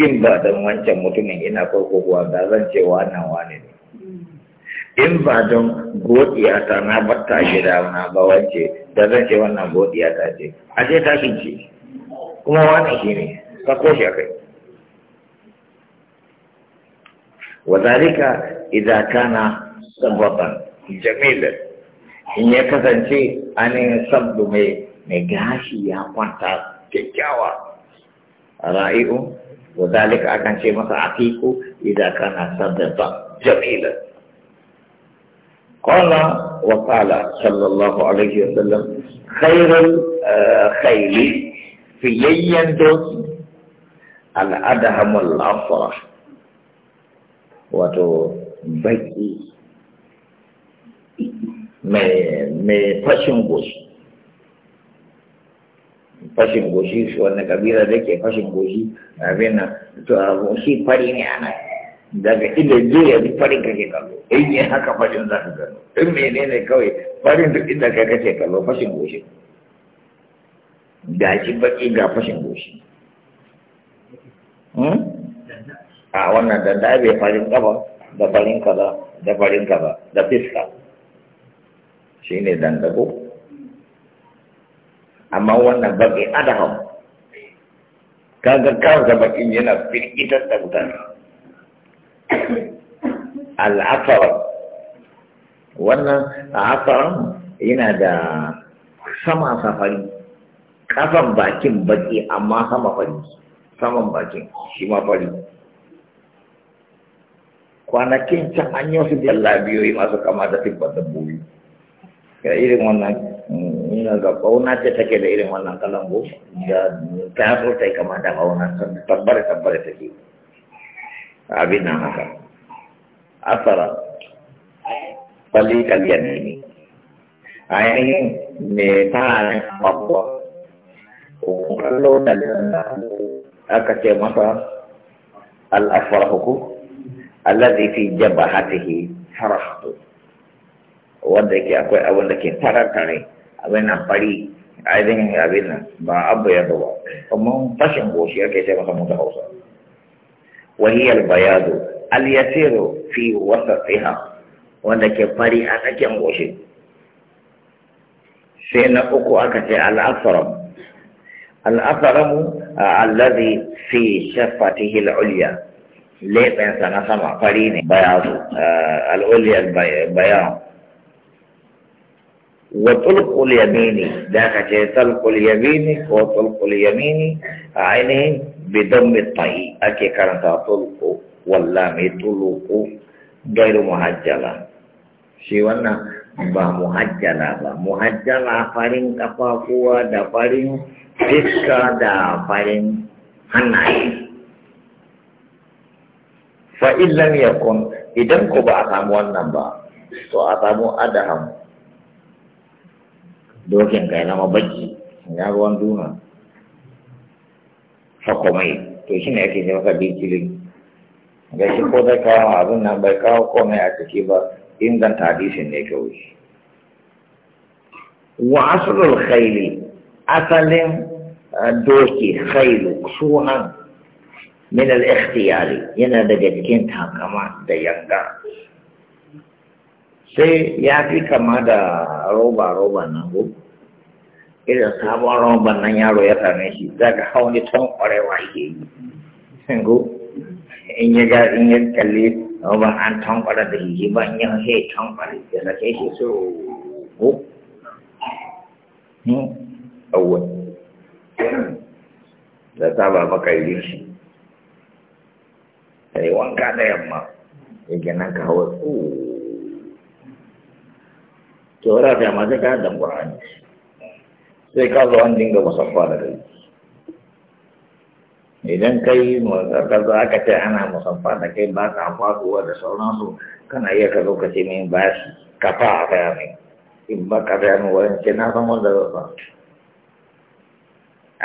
in ba dan wancan mutumin ina farko kuwa da zan ce nan wane ne in ba don godiyata na batta gida na ba wace da zan ce wannan godiyata ce a ce shi ce kuma wani shi ne ka koshi a kai wazalika idan kana sababan Jamila. in ya kasance anin sabdu mai mai gashi ya kwanta kyakkyawa ra'i'u wazalika akan ce masa atiku idan kana sababan Jamila. قال وقال صلى الله عليه وسلم خير الخيل في ييندوس الأدهم الافرح وتو بيتي مي مي فاشنبوش فاشنبوشي شو أنا كبيرة ديكي فاشنبوشي أبينا تو أبوشي فاريني أنا daga inda zai ji farin kake kallo in yi haka fashin za ka gano in menene kawai farin duk inda ka kace kallo fashin goshi ga shi baki ga fashin goshi hmm? a wannan da da bai farin kafa da farin kaza da farin kaza da fiska shi ne dandago amma wannan baki adaham kaga kawo da bakin yana firgitar da mutane al'afaran wannan al'afaran yana da sama safari kafan bakin baki amma sama fari saman bakin shi ma fari kwanakin can an yi wasu jallabiyoyi masu kama da tibbar dabbobi ga irin wannan ina ga ƙauna ce take da irin wannan kalango da ta so ta kama da ƙauna tabbare tabbare take abin nan haka asara fali kaliyan ne ainihin me ta babba kallo da aka ce masa al-afrahu alladhi fi jabhatihi farahtu wanda yake akwai abin da ke tarantare abin nan fari ainihin abin nan ba abu ya ba amma fashin goshi yake ce masa mutu hausa wani yal bayado aliyasiru fi wasa siha wanda ke fari a tsakiyar goshi sai na uku aka ce al'asaram al'asaram a alladi fi shafati hil uliya leɓensa na sama pari ne bayado baya. وطلق اليمين ذاك طلق اليمين وطلق اليمين عينه بضم الطي أكي كانت طلق واللام طلق غير مهجلة شي وانا با مهجلة با مهجلة فارين كفافوا دا فارين فسكا دا فارين هنائي فإن لم يكن إذن كبا أساموان نمبا تو أسامو أدهم dokin ka zama baki ya ruwan duna sakwamai to shi ne ake yi masa bitilin ga shi ko zai kawo abin nan bai kawo komai a ciki ba inganta hadisin ne kawai wa asalul khaili asalin eh, doki khailu sunan min al-ikhtiyari yana daga cikin takama da yanga sai ya fi kama da roba-roba nan ko irin sabon roba nan yaro ya same shi za ka hau ni ton kwarewa ke yi ko in ya ga in ya kalli roban an ton kwara da shi ba in ya he ton kwara ya sake shi so ko hmm? awwal da saba maka yi shi sai wanka da yamma ya gina ka hawa tsoro to wala ta ma sai ka da qur'ani sai ka zo an dinga musaffa da kai idan kai kaza aka ce ana musaffa da kai ba ka faduwa da sauransu kana iya ka zo ka ce min bashi ka fa a kaya min in ba ka kaya min wurin ce na san wanda zai fa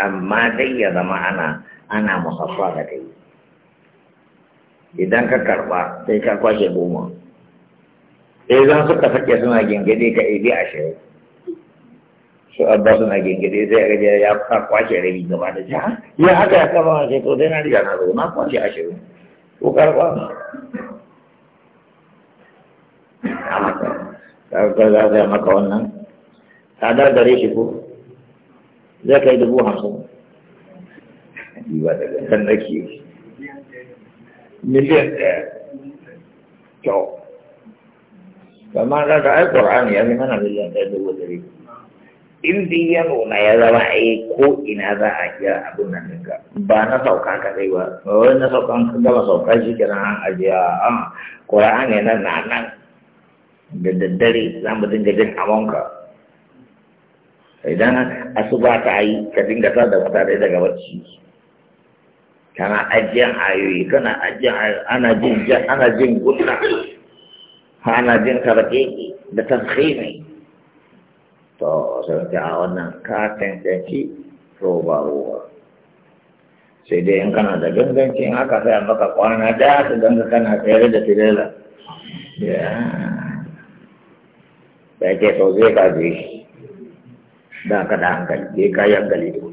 amma dai ya zama ana ana musaffa da kai idan ka karba sai ka kwashe goma Eh, idan suka sake suna gingide ka ibi eh, ashirin su abba suna gingide sai ya ka kwace rabi gaba da ja ah, ya haka ya kama ce to dai na riga na na kwace ashirin ko karba ka za ta maka wannan tsadar gare shi ko zai kai dubu hamsin ba daga kan nake miliyan ɗaya kyau kamar da da eh, alƙur'ani ya fi mana miliyan ɗaya dubu ɗari in ya nuna ya zama a yi ko ina za a iya abin nan ninka ba na sauka ka kai ba wani na sauka shi kenan an ajiya a ƙura'ani nan na nan da daddare za mu dinga jin amonka idan asuba ta yi ka dinga sa da mutane daga bacci kana ajiyan ayoyi kana ajiyan ana jin ana jin Hana jin ka da keke da to sai ta a wannan ka tantance roba roba sai dai in kana da ganganci in aka sai baka kwana da ka ganga kana tsere da tirela ya da ke so zai ka je da ka da hankali zai ka yi hankali da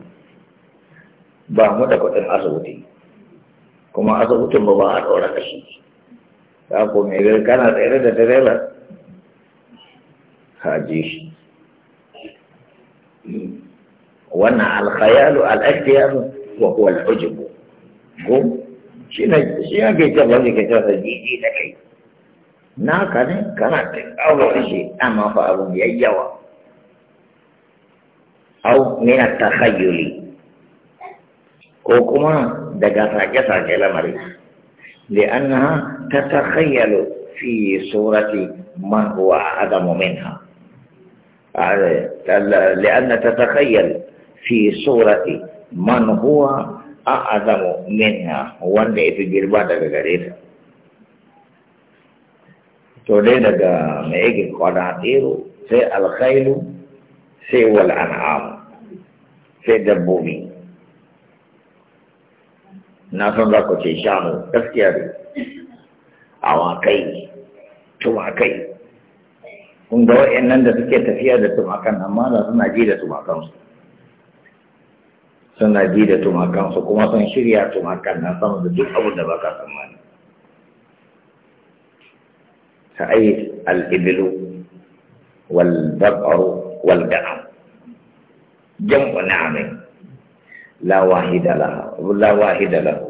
ba mu da kuɗin asibiti kuma asibitin ba ba a ɗora kashi ya ko mai gari kana tsere da direba haji wannan alkhayalu al'akiyalu wa huwa al'ujubu ko shi na shi ya kai cewa ne kai cewa jiji da kai na ka ne kana ta kawo shi amma fa abun yayi yawa au min at-takhayyuli ko kuma daga sake-sake lamarin لأنها تتخيل في صورة من هو أعظم منها لأن تتخيل في صورة من هو أعظم منها هو أنه في جربان لك غريب تولينا كميك القناطير في الخيل في والأنعام في دبومين na san za ku ce shanu gaskiya ne awakai tumakai kun ga wa'annan da suke tafiya da tumakan amma da suna ji da tumakansu suna ji da tumakansu kuma sun shirya tumakan na sama da duk abin da ba ka tsammani sa'ai al'ibilu wal dabaru wal da'am jam'u na'amin la واحد la لا واحد له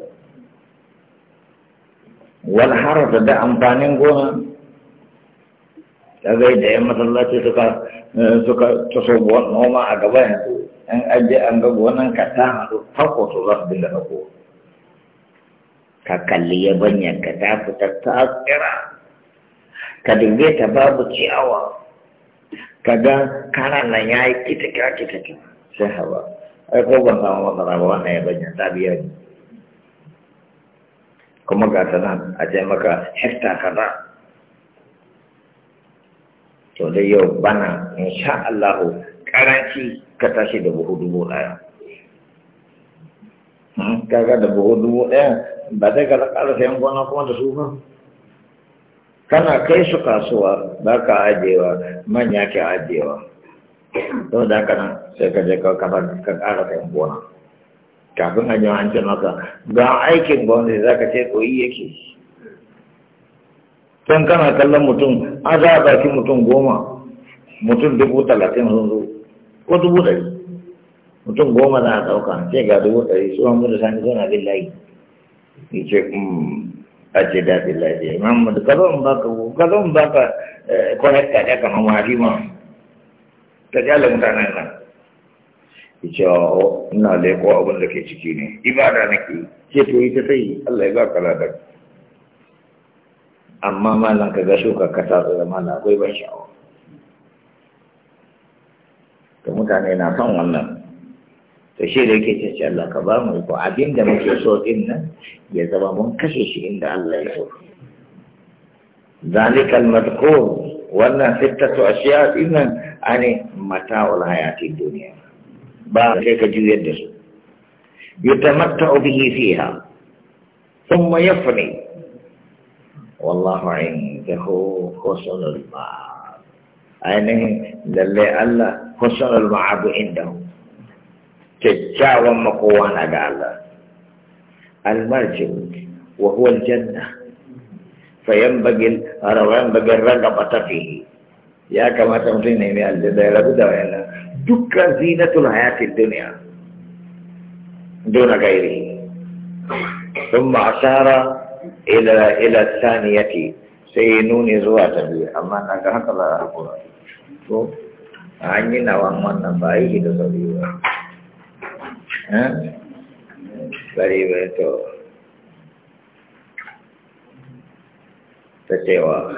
والحرث ده أمطانين قونا kaga da yan masallaci suka suka taso noma a gaba yanzu an aje an ga gonan ka ta haɗu farko su za su na ko ka kalli banya ka ta fitar ta tsira ka dinge ta babu ciyawa Kada kana nan ya yi kitika kitika sai hawa ai ko ban samu masara ba wannan ya banya kuma ga a ce maka hekta kaza to dai yau bana insha Allah karanci ka tashi da buhu dubu ɗaya eh. ¿Mm? kaga da buhu dubu daya? ba zai ka ƙara gona kuma da su ba kana kai su kasuwa ba ka ajiyewa manya ke ajiyewa to da haka nan sai ka je ka kafa ka ƙara kayan gona kafin a ji an ce maka ga aikin gwamnati za ka ce koyi yake tun kana kallon mutum a za a baki mutum goma mutum dubu talatin sun zo ko dubu ɗari mutum goma za a ɗauka ce ga dubu ɗari su an mutu sani suna bin layi ni ce hmm, a ce daɗin lafiya imam mutu ka zo in baka ka zo in baka kwanakta eh, ɗaya kamar wari ma ka da mutanen nan yace o ina leko abin da ke ciki ne ibada ke ce to ta sai Allah ya ba ka ladan amma malan ka ga shuka ka ta tsaya mana akwai ban sha'awa ta mutane na son wannan ta shi da yake ce Allah ka ba mu ko abin da muke so din nan ya zama mun kashe shi inda Allah ya so ذلك المذكور وأن ستة أشياء إذن يعني متاع الحياة الدنيا بارك جيد يتمتع به فيها ثم يفني والله عنده حسن المعاد يعني للي الله حسن المعاد عنده تجاوى مقوانا قال المرجل وهو الجنه fayambagin arawambagin ragabata fihi ya kamata mutum ne mai aljadai rabu da wayannan dukkan zinatun hayatin duniya duna gairi sun ma'asara ila saniyati sai yi zuwa ta biyu amma na ga haka zara kuma a hanyar na wannan ba yi da sauri ba ɗari bai tawo ta cewa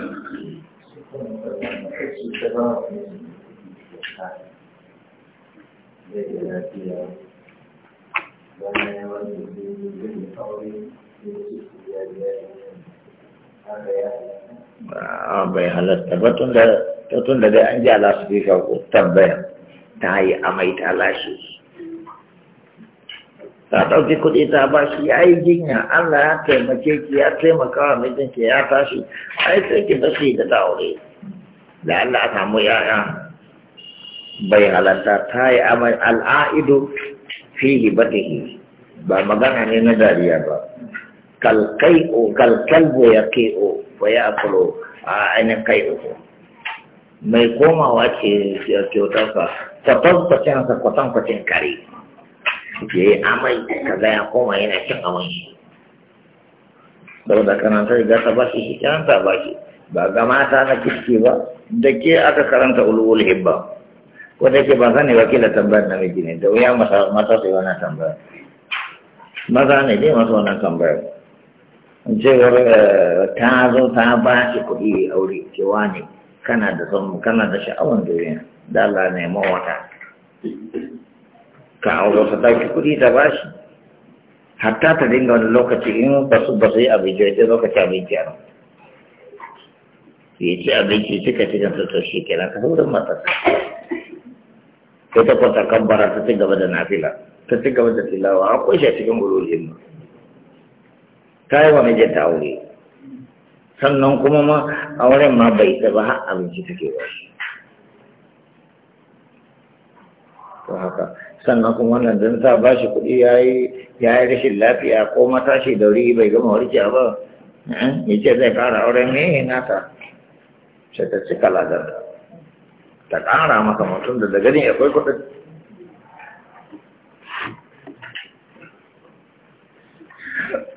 ah, bai halatta ba tun da dai an ji alasu fi ko tambaya ta yi amai ta lashe ta ɗauki kuɗi ta ba shi ya yi jinya Allah ya taimake ki ya taimaka wa mijinki ya tashi ai sai ki bashi da daure da Allah a samu ya'ya bai halatta ta yi amai al'a'idu fi yi. ba magana ne na dariya ba kalkai'o kalkalbo ya o. Ba ya akulo a ainihin kai'o mai komawa ce kyautarsa kwatankwacin sa kwatankwacin kare ya yi amai ka ya koma yana cin amai shi saboda karanta ya gasa ba shi karanta ba shi ba ga mata na kiske ba da ke aka karanta ulul hibba ko da ke ba sani ba kila tambayar miji ne da wuya masa su yi wannan tambayar maza ne dai masu wannan tambayar ce eh, ta zo ta ba shi kuɗi aure cewa ne kana da son kana da sha'awar duniya da Allah ne mawata ka auro ta dauki kuɗi ta bashi hatta ta dinga wani lokaci in ba su ba su yi abinci ya ce lokaci abinci a nan ya ci abinci kenan ka saurin matarsa sai ta kwanta kabbara ta ci gaba da nafila ta ci gaba da tilawa akwai shi a cikin gurolin ta yi wa mijinta aure sannan kuma ma auren ma bai ta ba har abinci take ba to sannan kuma wannan dan ta ba shi kuɗi ya yi rashin lafiya ko matashi da wuri bai gama warkiya ba ya ce zai fara aure ne nata sai ta cika ladar ta ƙara maka mutum da da gani akwai kuɗin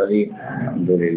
المرسلين الحمد لله